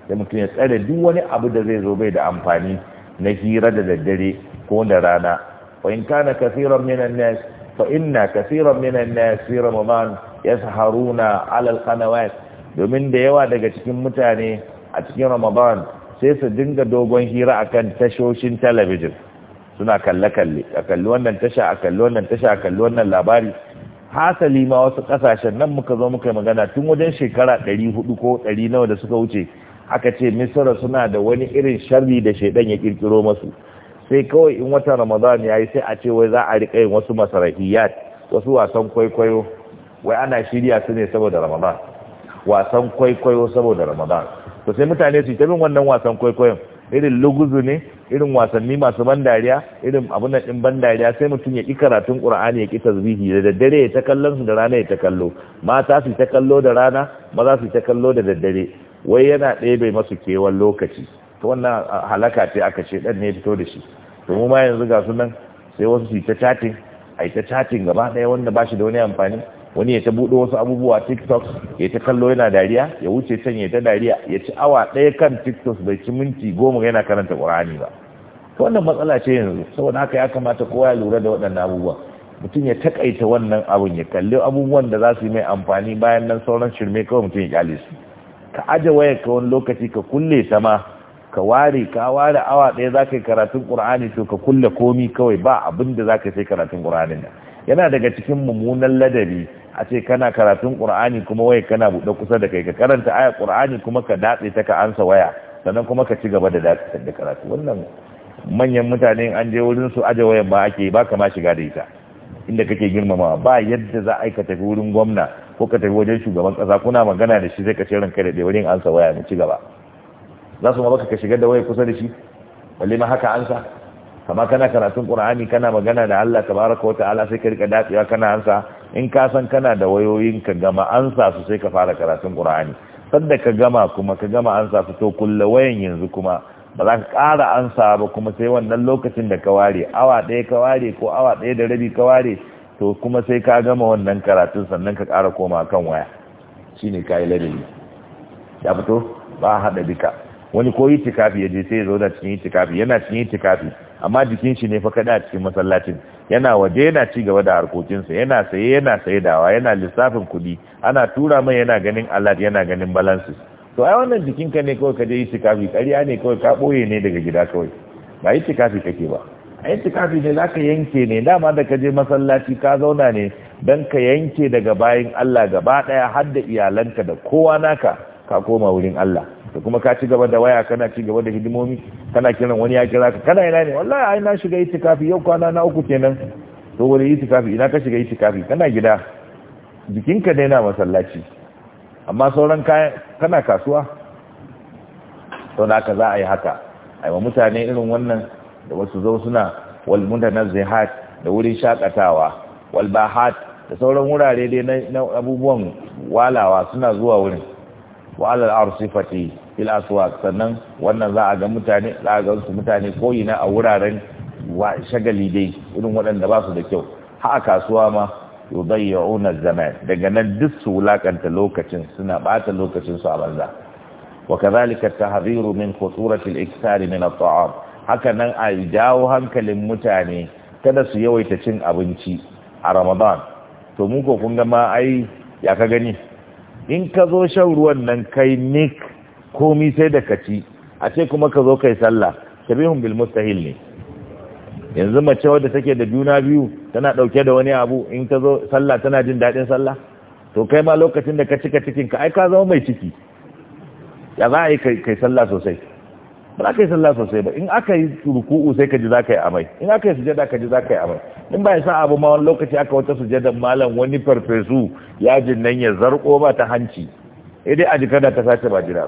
S1: sai mutum ya tsare duk wani abu da zai zo bai da amfani na hira da daddare ko da rana wa in kana kaseeran minan nas fa inna kaseeran minan nas fi ramadan yasharuna ala al-qanawat domin da yawa daga cikin mutane a cikin ramadan sai su dinga dogon hira akan tashoshin talabijin suna kalle-kalle a kalli wannan tasha a kalli wannan tasha a kalli wannan labari hasali ma wasu kasashen nan muka zo muka yi magana tun wajen shekara 400 ko 100 nawa da suka wuce aka ce misira suna da wani irin sharri da shaidan ya kirkiro masu sai kawai in watan ramadan ya yi sai a ce wai za a riƙa yin wasu masarahiyat wasu wasan kwaikwayo wai ana shirya su ne saboda ramadan wasan kwaikwayo saboda ramadan to sai mutane su tabin bin wannan wasan kwaikwayon irin luguzu ne irin wasanni masu ban dariya irin abun nan din ban dariya sai mutum ya ki karatun qur'ani ya ki tasbihi da daddare ya ta kallon su da rana ya ta kallo mata su ta kallo da rana maza su ta kallo da daddare wai yana ɗaya bai masu kewan lokaci ta wannan halaka ce aka ce ɗan ne fito da shi to mu ma yanzu ga sunan nan sai wasu su ta chatting a yi ta chatting gaba ɗaya wanda ba shi da wani amfani wani ya ta buɗe wasu abubuwa tiktok ya ta kallo yana dariya ya wuce can ya ta dariya ya ci awa ɗaya kan tiktok bai ci minti goma yana karanta ƙur'ani ba Ta wannan matsala ce yanzu saboda haka ya kamata kowa ya lura da waɗannan abubuwa mutum ya takaita wannan abun ya kalli abubuwan da za su yi mai amfani bayan nan sauran shirme kawai mutum ya kyale su ka aje waya ka wani lokaci ka kulle ta ma ka ware ka ware awa ɗaya za ka yi karatun ƙur'ani to ka kulle komi kawai ba abin da za ka sai karatun ƙur'anin nan yana daga cikin mummunan ladabi a ce kana karatun ƙur'ani kuma waya kana buɗe kusa da kai ka karanta aya ƙur'ani kuma ka datse ta ka ansa waya sannan kuma ka ci gaba da datse da karatu wannan manyan mutane an je wurin su aje wayan ba ake ba ka ma shiga da ita inda kake girmamawa ba yadda za a aikata wurin gwamna ko ka tafi wajen shugaban kasa kuna magana da shi zai ka ce ranka da wurin ansa waya mu ci gaba za su ma baka ka shigar da waya kusa da shi balle ma haka ansa kama kana karatun qur'ani kana magana da Allah tabaraka wa ta'ala sai ka rika dafiya kana ansa in ka san kana da wayoyin ka gama ansa su sai ka fara karatun qur'ani sanda ka gama kuma ka gama ansa su to kulla wayan yanzu kuma ba za ka kara ansa ba kuma sai wannan lokacin da ka ware awa daya ka ware ko awa daya da rabi ka ware to kuma sai ka gama wannan karatun sannan ka ƙara koma kan waya Shi ne ka yi ladabi ya fito ba a haɗa duka wani ko ya je sai ya zo da cikin itikafi yana cikin itikafi amma jikin shi ne fa kada a cikin masallacin yana waje yana ci gaba da harkokinsa yana saye yana dawa yana lissafin kuɗi ana tura mai yana ganin alat yana ganin balances to ai wannan jikinka ne kawai ka je yi itikafi ƙarya ne kawai ka ɓoye ne daga gida kawai ba yi tikafi kake ba a kafi ne za ka yanke ne dama da ka je masallaci ka zauna ne don ka yanke daga bayan Allah gaba ɗaya har da iyalanka da kowa naka ka koma wurin Allah da kuma ka ci gaba da waya kana ci gaba da hidimomi kana kiran wani ya kira ka kana ina ne wallahi ai na shiga itikafi yau kwana na uku kenan to wani itikafi ina ka shiga itikafi kana gida jikinka ne na masallaci amma sauran kayan kana kasuwa to ka za a yi haka ai mutane irin wannan da wasu zo suna na mutanazzihat da wurin shakatawa walbahat da sauran wurare dai na abubuwan walawa suna zuwa wurin wa arsifati fil sannan wannan za a ga mutane za a ga su mutane ko a wuraren shagali dai irin waɗanda ba su da kyau ha a kasuwa ma yudayyuna zaman daga nan duk su wulakanta lokacin suna bata lokacin su a banza wa kadhalika at-tahdhiru min khuturati al-iksari min at-ta'am haka nan a jawo hankalin mutane kada su yawaita cin abinci a ramadan to mu ko kun ga ma ai ya ka gani in ka zo shan ruwan nan kai nik komi sai da kaci a ce kuma ka zo kai sallah shabihun bil mustahil ne yanzu mace wadda take da juna biyu tana dauke da wani abu in ta zo sallah tana jin dadin sallah to kai ma lokacin da ka cika cikin ka ai ka zama mai ciki ya za a yi kai sallah sosai ba za ka yi sallah sosai ba in aka yi ruku'u sai ka ji za ka yi amai in aka yi sujada ka ji za ka yi amai in ba ya sa abu ma wani lokaci aka wata sujadan malam wani farfesu ya ji nan ya zarko ba ta hanci idai eh a jikar da ta sace ba jira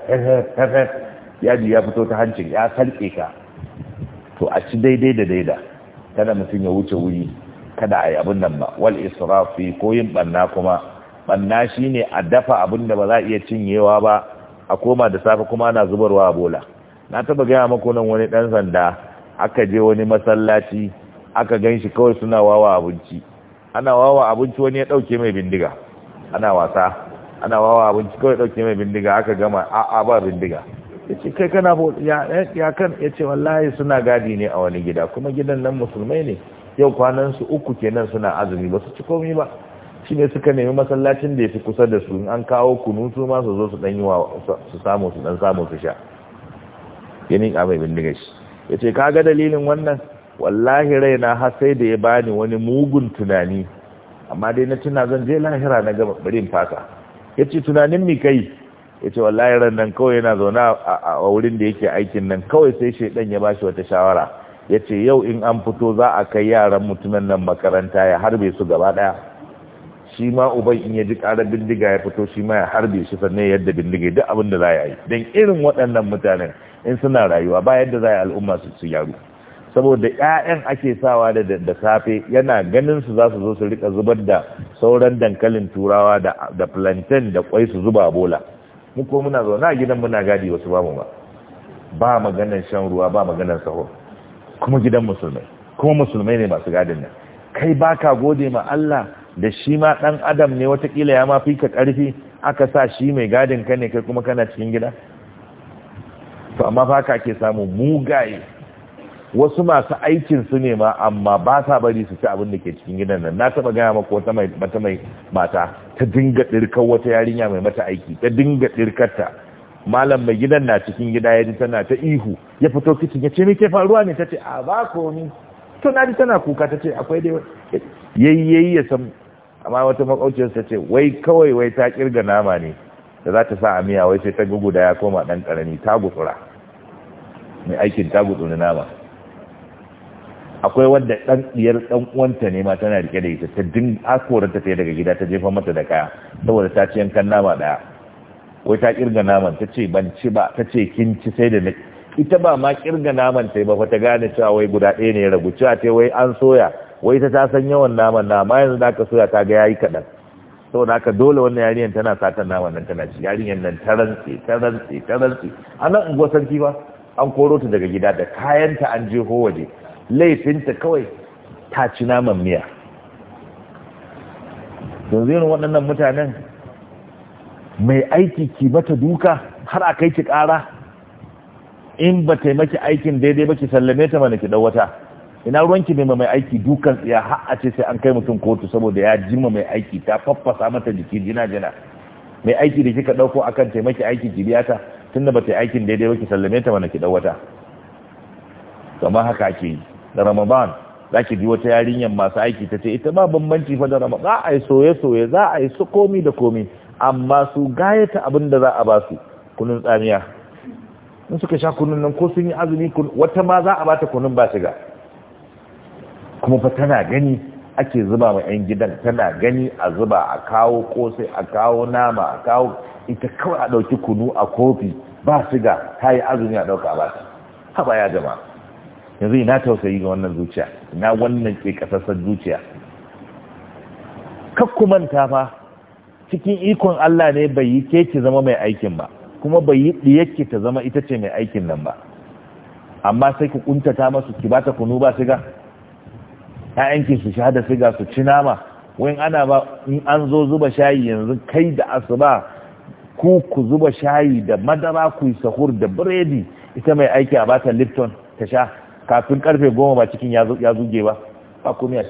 S1: yaji ya fito ta hancin ya salke ka to a ci daidai da daida kada mutum ya wuce wuri kada a yi abin nan ba wal israfi ko yin banna kuma banna shine a dafa abin da ba za a iya cinyewa ba a koma da safe kuma ana zubarwa a bola na taba gaya mako nan wani dan sanda aka je wani masallaci aka gan shi kawai suna wawa abinci ana wawa abinci wani ya dauke mai bindiga ana wasa ana wawa abinci kawai dauke mai bindiga aka gama a ba bindiga yace kai kana ya ya kan yace wallahi suna gadi ne a wani gida kuma gidan nan musulmai ne yau kwanan su uku kenan suna azumi ba su ci komai ba shi ne suka nemi masallacin da ya fi kusa da su an kawo kunu su ma su zo su dan yi wa su samu su dan samu su sha ya nika mai bindiga shi ya ce kaga dalilin wannan wallahi raina har sai da ya bani wani mugun tunani amma dai na tuna zan je lahira na gaba birin fata fasa ya ce tunanin mi kai ya ce wallahi ran nan kawai yana zaune a wurin da yake aikin nan kawai sai shaidan ya bashi wata shawara ya ce yau in an fito za a kai yaran mutumin nan makaranta ya harbe su gaba daya shi ma uban in ya ji karar bindiga ya fito shi ma ya harbe shi sannan yadda bindiga duk abin da za a yi don irin waɗannan mutanen in suna rayuwa ba yadda za a al'umma su su yaro saboda 'ya'yan ake sawa da da safe yana ganin su za su zo su rika zubar da sauran dankalin turawa da da plantain da kwai su zuba bola mu ko muna zaune a gidan muna gadi wasu ba mu ba ba maganar shan ruwa ba maganar sahur kuma gidan musulmai kuma musulmai ne masu gadin nan kai baka gode ma Allah da shi ma dan adam ne watakila ya ma fi ka karfi aka sa shi mai gadin ka ne kai kuma kana cikin gida to amma fa ka ke samu mugaye wasu masu aikin su ne ma amma ba sa bari su ci abin da ke cikin gidan nan na taba gaya maka wata mai mata mai mata ta dinga dirkar wata yarinya mai mata aiki ta dinga dirkar ta malam mai gidan na cikin gida ya ji tana ta ihu ya fito kicin ya ce me ke faruwa ne tace a ba ko ni to na ji tana kuka tace akwai dai yayi yayi ya san amma wata makauciyar ta ce wai kawai wai ta kirga nama ne da za ta sa a miya wai sai ta guguda ya koma ɗan ƙarami ta gutsura mai aikin ta gutsuri nama akwai wadda ɗan ɗiyar ɗan uwanta ne ma tana rike da ita ta din askorar ta daga gida ta jefa mata da kaya saboda ta ci yankan nama ɗaya wai ta kirga naman ta ce ban ci ba ta ce kin ci sai da ita ba ma kirga naman ta ba fa ta gane cewa wai guda ɗaya ne ya ragu cewa ta wai an soya wai ta ta san yawan naman na ma yanzu da ka soya ta ga yayi kaɗan saboda haka dole wannan yarinyar tana satan nama nan tana ci yarinyar nan ta rantse ta rantse ta rantse a nan unguwar sarki ba an koro ta daga gida da kayanta an je ho waje laifinta kawai ta ci naman miya yanzu yin waɗannan mutanen mai aiki ki mata duka har a kai ki ƙara in ba taimaki aikin daidai ba ki sallame ta mana ki ɗau wata ina ruwanki ne mai aiki dukan tsiya har a ce sai an kai mutum kotu saboda ya jima mai aiki ta faffasa mata jiki jina jina mai aiki da kika dauko akan taimaki aiki jibiyata tunda bata yi aikin daidai ba ki sallame ta mana ki wata kamar haka ke da ramadan za ki ji wata yarinyar masu aiki ta ce ita ba bambanci fa da ramadan za a yi soye-soye za a yi su komi da komi amma su gayata abin da za a ba su kunun tsamiya in suka sha kunun nan ko sun yi azumi wata ma za a ba ta kunun ba shiga kuma fa tana gani ake zuba ma 'yan gidan tana gani a zuba a kawo kosai a kawo nama a kawo ita kawai a ɗauki kunu a kofi ba siga ta yi azumi a ɗauka ba ta haɓa ya jama yanzu ina tausayi ga wannan zuciya ina wannan ke ƙasassar zuciya manta fa cikin ikon Allah ne bai yi ke ki zama mai aikin ba kuma bai yi ɗiyakki ta zama ita ce mai aikin nan ba amma sai ku kuntata masu ki bata kunu ba siga yayanki su sha da siga su ci nama wani ana ba in an zo zuba shayi yanzu kai da asuba ku ku zuba shayi da madara ku yi sahur da biredi ita mai aiki a bata lipton ta sha kafin karfe goma ba cikin ya zuge ba ba kuma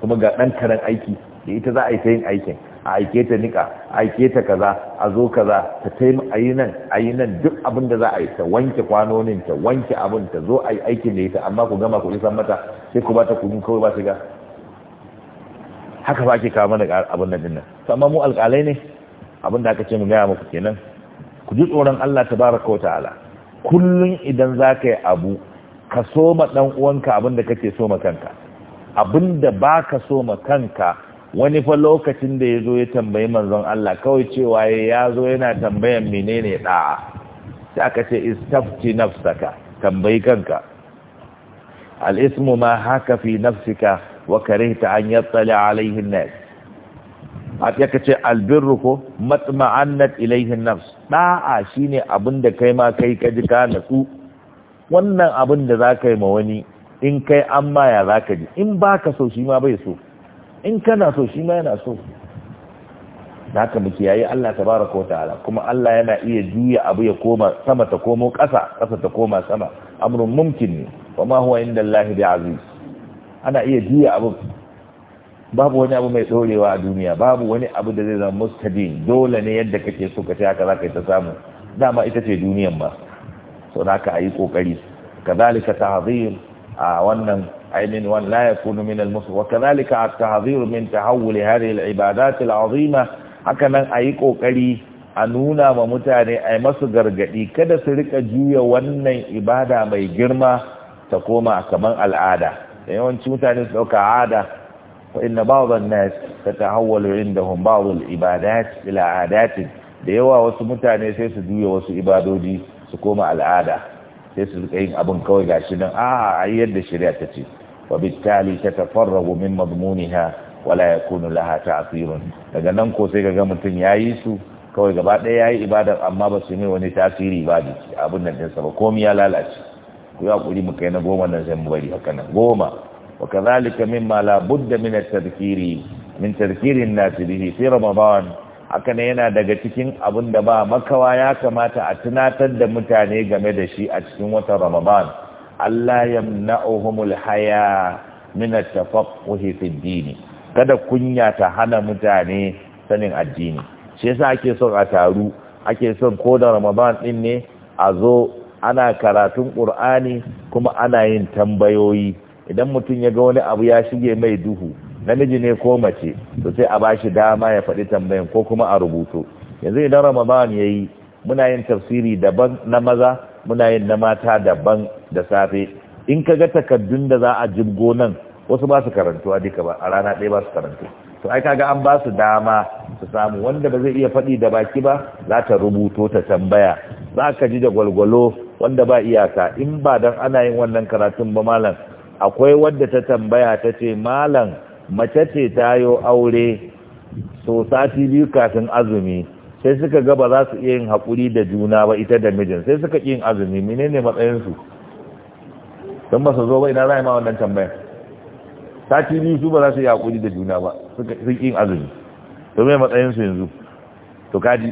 S1: kuma ga ɗan karen aiki da ita za a yi sayin yin aikin a aike ta nika a aike ta kaza a zo kaza ta taimu a yi nan a yi nan duk abin da za a yi ta wanke kwanonin ta wanke abin ta zo a yi aikin da ita amma ku gama ku isan mata sai ku ba ta kudin kawai ba shiga haka ba ke kawo mana abin da dinnan amma mu alƙalai ne abin da aka ce mu gaya muku kenan ku ji tsoron Allah tabaraka wa ta'ala kullun idan za ka yi abu ka soma ɗan uwanka abin da kake soma kanka abin da ba ka soma kanka wani fa lokacin da ya zo ya tambayi manzon Allah kawai cewa ya zo yana tambayan menene da'a sai aka ce istafti nafsaka tambayi kanka al-ismu ma haka fi nafsika wa karihta an yattali alaihi an-nas ya al-birru ko matma'annat ilaihi an-nafs da'a shine abinda kai ma kai ka ji ka natsu wannan abin da zaka yi ma wani in kai amma ya zaka ji in baka so shi ma bai so in kana so shi ma yana so da haka muke yayi Allah tabaraka wa ta'ala kuma Allah yana iya juya abu ya koma sama ta komo ƙasa ƙasa ta koma sama amrun mumkin ne wa huwa inda Allah bi aziz ana iya juya abu babu wani abu mai dorewa a duniya babu wani abu da zai zama mustadin dole ne yadda kake so ka haka zaka ta samu dama ita ce duniyan ba so da haka ayi kokari kazalika ta'zim a wannan أي من وأن لا يكون من المسلم وكذلك التحذير من تحول هذه العبادات العظيمة هكذا أيكو قلي a nuna ma mutane a yi masu gargadi kada su rika juya wannan ibada mai girma ta koma kamar al'ada da yawanci mutane su dauka ada wa inna ba'd an-nas tatahawwalu indahum ba'd al-ibadat ila da yawa wasu mutane sai su juya wasu ibadodi su koma al'ada sai su rika yin abin kawai gashi nan a yi yadda shari'a ta ce وبالتالي تتفرغ من مضمونها ولا يكون لها تأثير daga nan ko sai kaga mutun yayi su kawai gaba ɗaya yayi ibadar amma ba su mai wani tasiri ba da shi abin nan din sa ba komai ya lalace ku ya kuri mu kai na goma nan sai mu bari haka nan goma wa kadhalika mimma la budda min at-tadhkiri min an nas bihi fi ramadan haka ne yana daga cikin abin da ba makawa ya kamata a tunatar da mutane game da shi a cikin watan ramadan Allah yamna'uhumul haya min at-tafaqquhi fi ad-din kada kunya ta hana mutane sanin addini shi yasa ake son a taru ake son ko da Ramadan din ne a zo ana karatun Qur'ani kuma ana yin tambayoyi idan mutum ya ga wani abu ya shige mai duhu namiji ne ko mace to sai a bashi dama ya faɗi tambayan ko kuma a rubutu. yanzu idan Ramadan yayi muna yin tafsiri daban na maza muna yin na mata daban da safe in ka ga takaddun da za a jibgo nan wasu ba su a duka ba a rana ɗaya ba su karantu to ai kaga an ba su dama su samu wanda ba zai iya faɗi da baki ba za ta rubuto ta tambaya za ka ji da gwalgwalo wanda ba iyaka in ba dan ana yin wannan karatun ba malam akwai wadda ta tambaya ta ce malam mace ce ta yo aure so sati biyu kafin azumi sai suka ga ba za su iya yin haƙuri da juna ba ita da mijin sai suka yin azumi ne matsayinsu don ba su zo ba ina za a yi ma wannan tambayar sati biyu su ba za su yi haƙuri da juna ba suka yin azumi to mai matsayinsu yanzu to kaji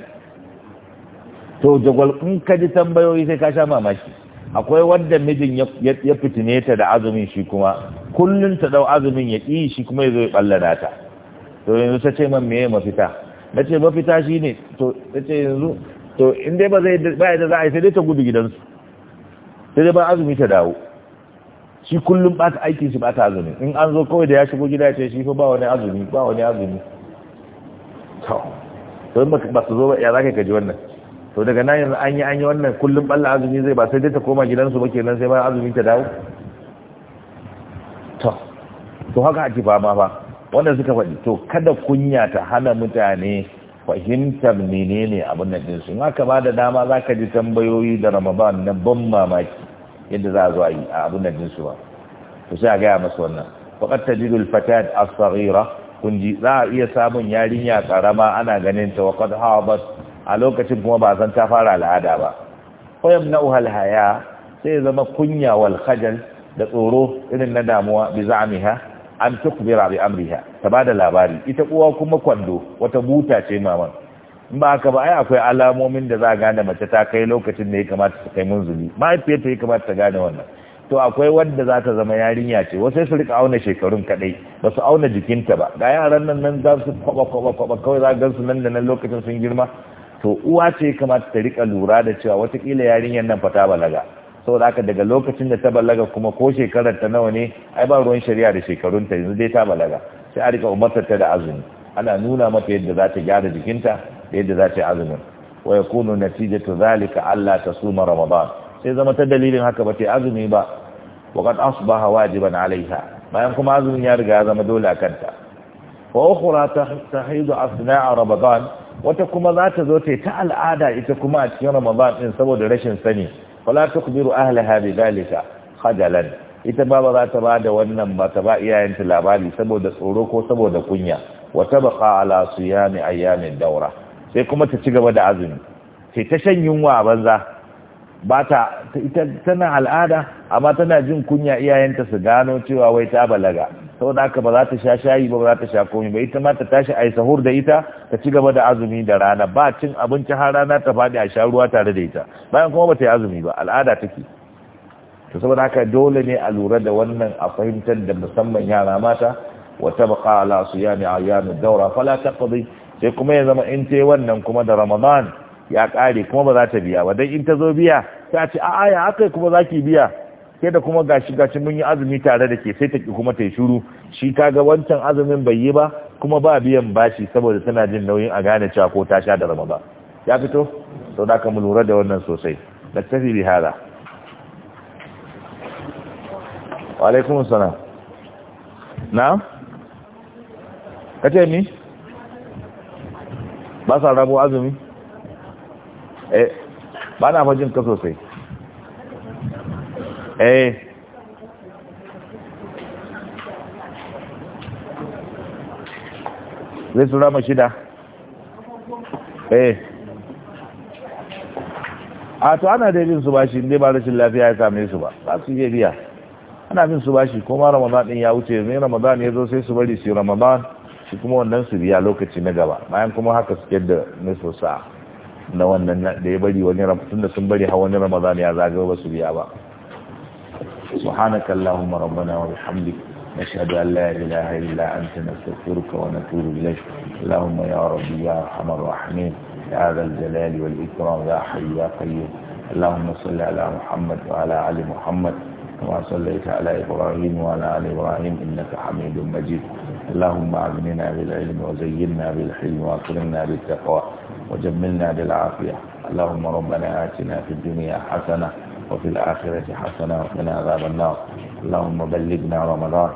S1: to jagwal in ka ji tambayoyi sai ka sha mamaki akwai wanda mijin ya fitine ta da azumin shi kuma kullum ta dau azumin ya ƙi shi kuma ya zo ya ɓallana ta to yanzu ta ce man meye mafita na ce mafita shi ne to na ce yanzu to in dai ba zai baya da za a yi sai dai ta gudu gidansu sai dai ba azumi ta dawo shi kullum ba ta aiki shi ba ta azumi in an zo kawai da ya shigo gida ce shi fa ba wani azumi ba wani azumi to to ba su zo ba ya zaka kaji wannan to daga nan yanzu an yi an yi wannan kullum balla azumi zai ba sai dai ta koma gidansu ba kenan sai ba azumi ta dawo to to haka ake fama ba wanda suka faɗi to kada kunya ta hana mutane fahimtar menene abin da din su haka ba da dama za ka ji tambayoyi da ramadan na ban mamaki yadda za a zo a yi a abin da din su ba to sai a gaya masu wannan faƙar ta jidul fatad as-saghira kun ji za a iya samun yarinya karama ana ganin ta wa qad a lokacin kuma ba san ta fara al'ada ba ko na al-haya sai zama kunya wal khajal da tsoro irin na damuwa bi za'miha an tukbira bi amriha ta bada labari ita uwa kuma kwando wata buta ce maman in ba haka ba ai akwai alamomin da za a gane mace ta kai lokacin da ya kamata ta kai munzuli mahaifiyar ta ya kamata ta gane wannan to akwai wanda za ta zama yarinya ce wasu su rika auna shekarun kaɗai, ba su auna jikinta ba ga yaran nan nan za su kwaba kwaba kwaba kawai za gan su nan da nan lokacin sun girma to uwa ce ya kamata ta rika lura da cewa watakila yarinyar nan fa ta balaga saboda haka daga lokacin da ta balaga kuma ko shekarar ta nawa ne ai ba ruwan shari'a da shekarun ta yanzu dai ta balaga sai a rika umartar ta da azumi ana nuna mata yadda za ta gyara jikinta da yadda za ta yi azumin wa yakunu natijatu zalika allah ta suma ramadan sai zama ta dalilin haka ba ta azumi ba wa qad asbaha wajiban alaiha bayan kuma azumin ya riga ya zama dole a kanta wa ukhra tahidu asna'a ramadan wata kuma za ta zo ta yi ta al'ada ita kuma a cikin ramadan din saboda rashin sani fala tukhbiru ahlaha bidhalika khajalan ita baba za ta ba da wannan ba ta ba iyayenta labari saboda tsoro ko saboda kunya wa tabqa ala siyami ayyamin daura sai kuma ta ci gaba da azumi sai ta shan yunwa banza ba ta ita tana al'ada amma tana jin kunya iyayenta su gano cewa wai ta balaga saboda haka ba za ta sha shayi ba ba za ta sha komai ba ita ma ta tashi a yi sahur da ita ta ci gaba da azumi da rana ba cin abinci har rana ta faɗi a sha ruwa tare da ita bayan kuma ba ta yi azumi ba al'ada take to saboda haka dole ne a lura da wannan a fahimtar da musamman yara mata wa tabqa ala siyami ayyamid dawra fala taqdi sai kuma ya zama in ta wannan kuma da ramadan ya kare kuma ba za ta biya ba dan in ta zo biya ta ce a'a ya akai kuma zaki biya ke da kuma gashi gashi mun yi azumi tare da ke sai ta ki kuma ta yi shuru shi ga wancan azumin bai yi ba kuma ba biyan bashi saboda tana jin nauyin a gane cewa ko ta sha da rama ba ya fito sau da mu lura da wannan sosai da fi bi hada wa alaikum salam na kace ni ba sa rabo azumi eh ba na fajin ka sosai eh zai su rama shida eh a to ana da yin su bashi inda ba rashin lafiya ya same su ba ba su iya biya ana yin su bashi kuma ramadan din ya wuce ne ramadan ya zo sai su bari su ramadan shi kuma wannan su biya lokaci na gaba bayan kuma haka suke da nisu sa na wannan da ya bari wani ramadan da sun bari hawa wani ramadan ya zagaye ba su biya ba سبحانك اللهم ربنا وبحمدك نشهد أن لا إله إلا أنت نستغفرك ونتوب إليك اللهم يا ربي يا أرحم الراحمين يا ذا الجلال والإكرام يا حي يا قيوم اللهم صل على محمد وعلى آل محمد كما صليت على إبراهيم وعلى آل إبراهيم إنك حميد مجيد اللهم أغننا بالعلم وزينا بالحلم وأكرمنا بالتقوى وجملنا بالعافية اللهم ربنا آتنا في الدنيا حسنة وفي الآخرة حسنة وقنا عذاب النار اللهم بلغنا رمضان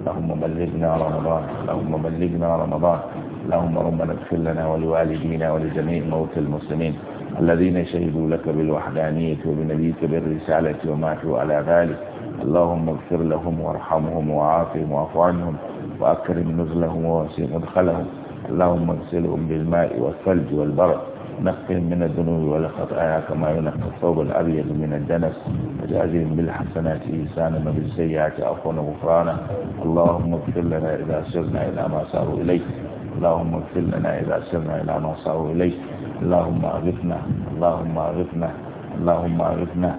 S1: اللهم بلغنا رمضان اللهم بلغنا رمضان اللهم ربنا اغفر لنا ولوالدينا ولجميع موتى المسلمين الذين شهدوا لك بالوحدانية وبنبيك بالرسالة وماتوا على ذلك اللهم اغفر لهم وارحمهم وعافهم واعف عنهم وأكرم نزلهم ووسع مدخلهم اللهم اغسلهم بالماء والثلج والبرد نقهم من الذنوب والخطايا كما ينقى الثوب الأبيض من الدنس وجازهم بالحسنات إنسانا وبالسيئات عفوا وغفرانا اللهم اغفر لنا إذا سرنا إلى ما ساروا إليه اللهم اغفر لنا إذا سرنا إلى ما ساروا إليه اللهم أغفنا اللهم أغفنا اللهم أغفنا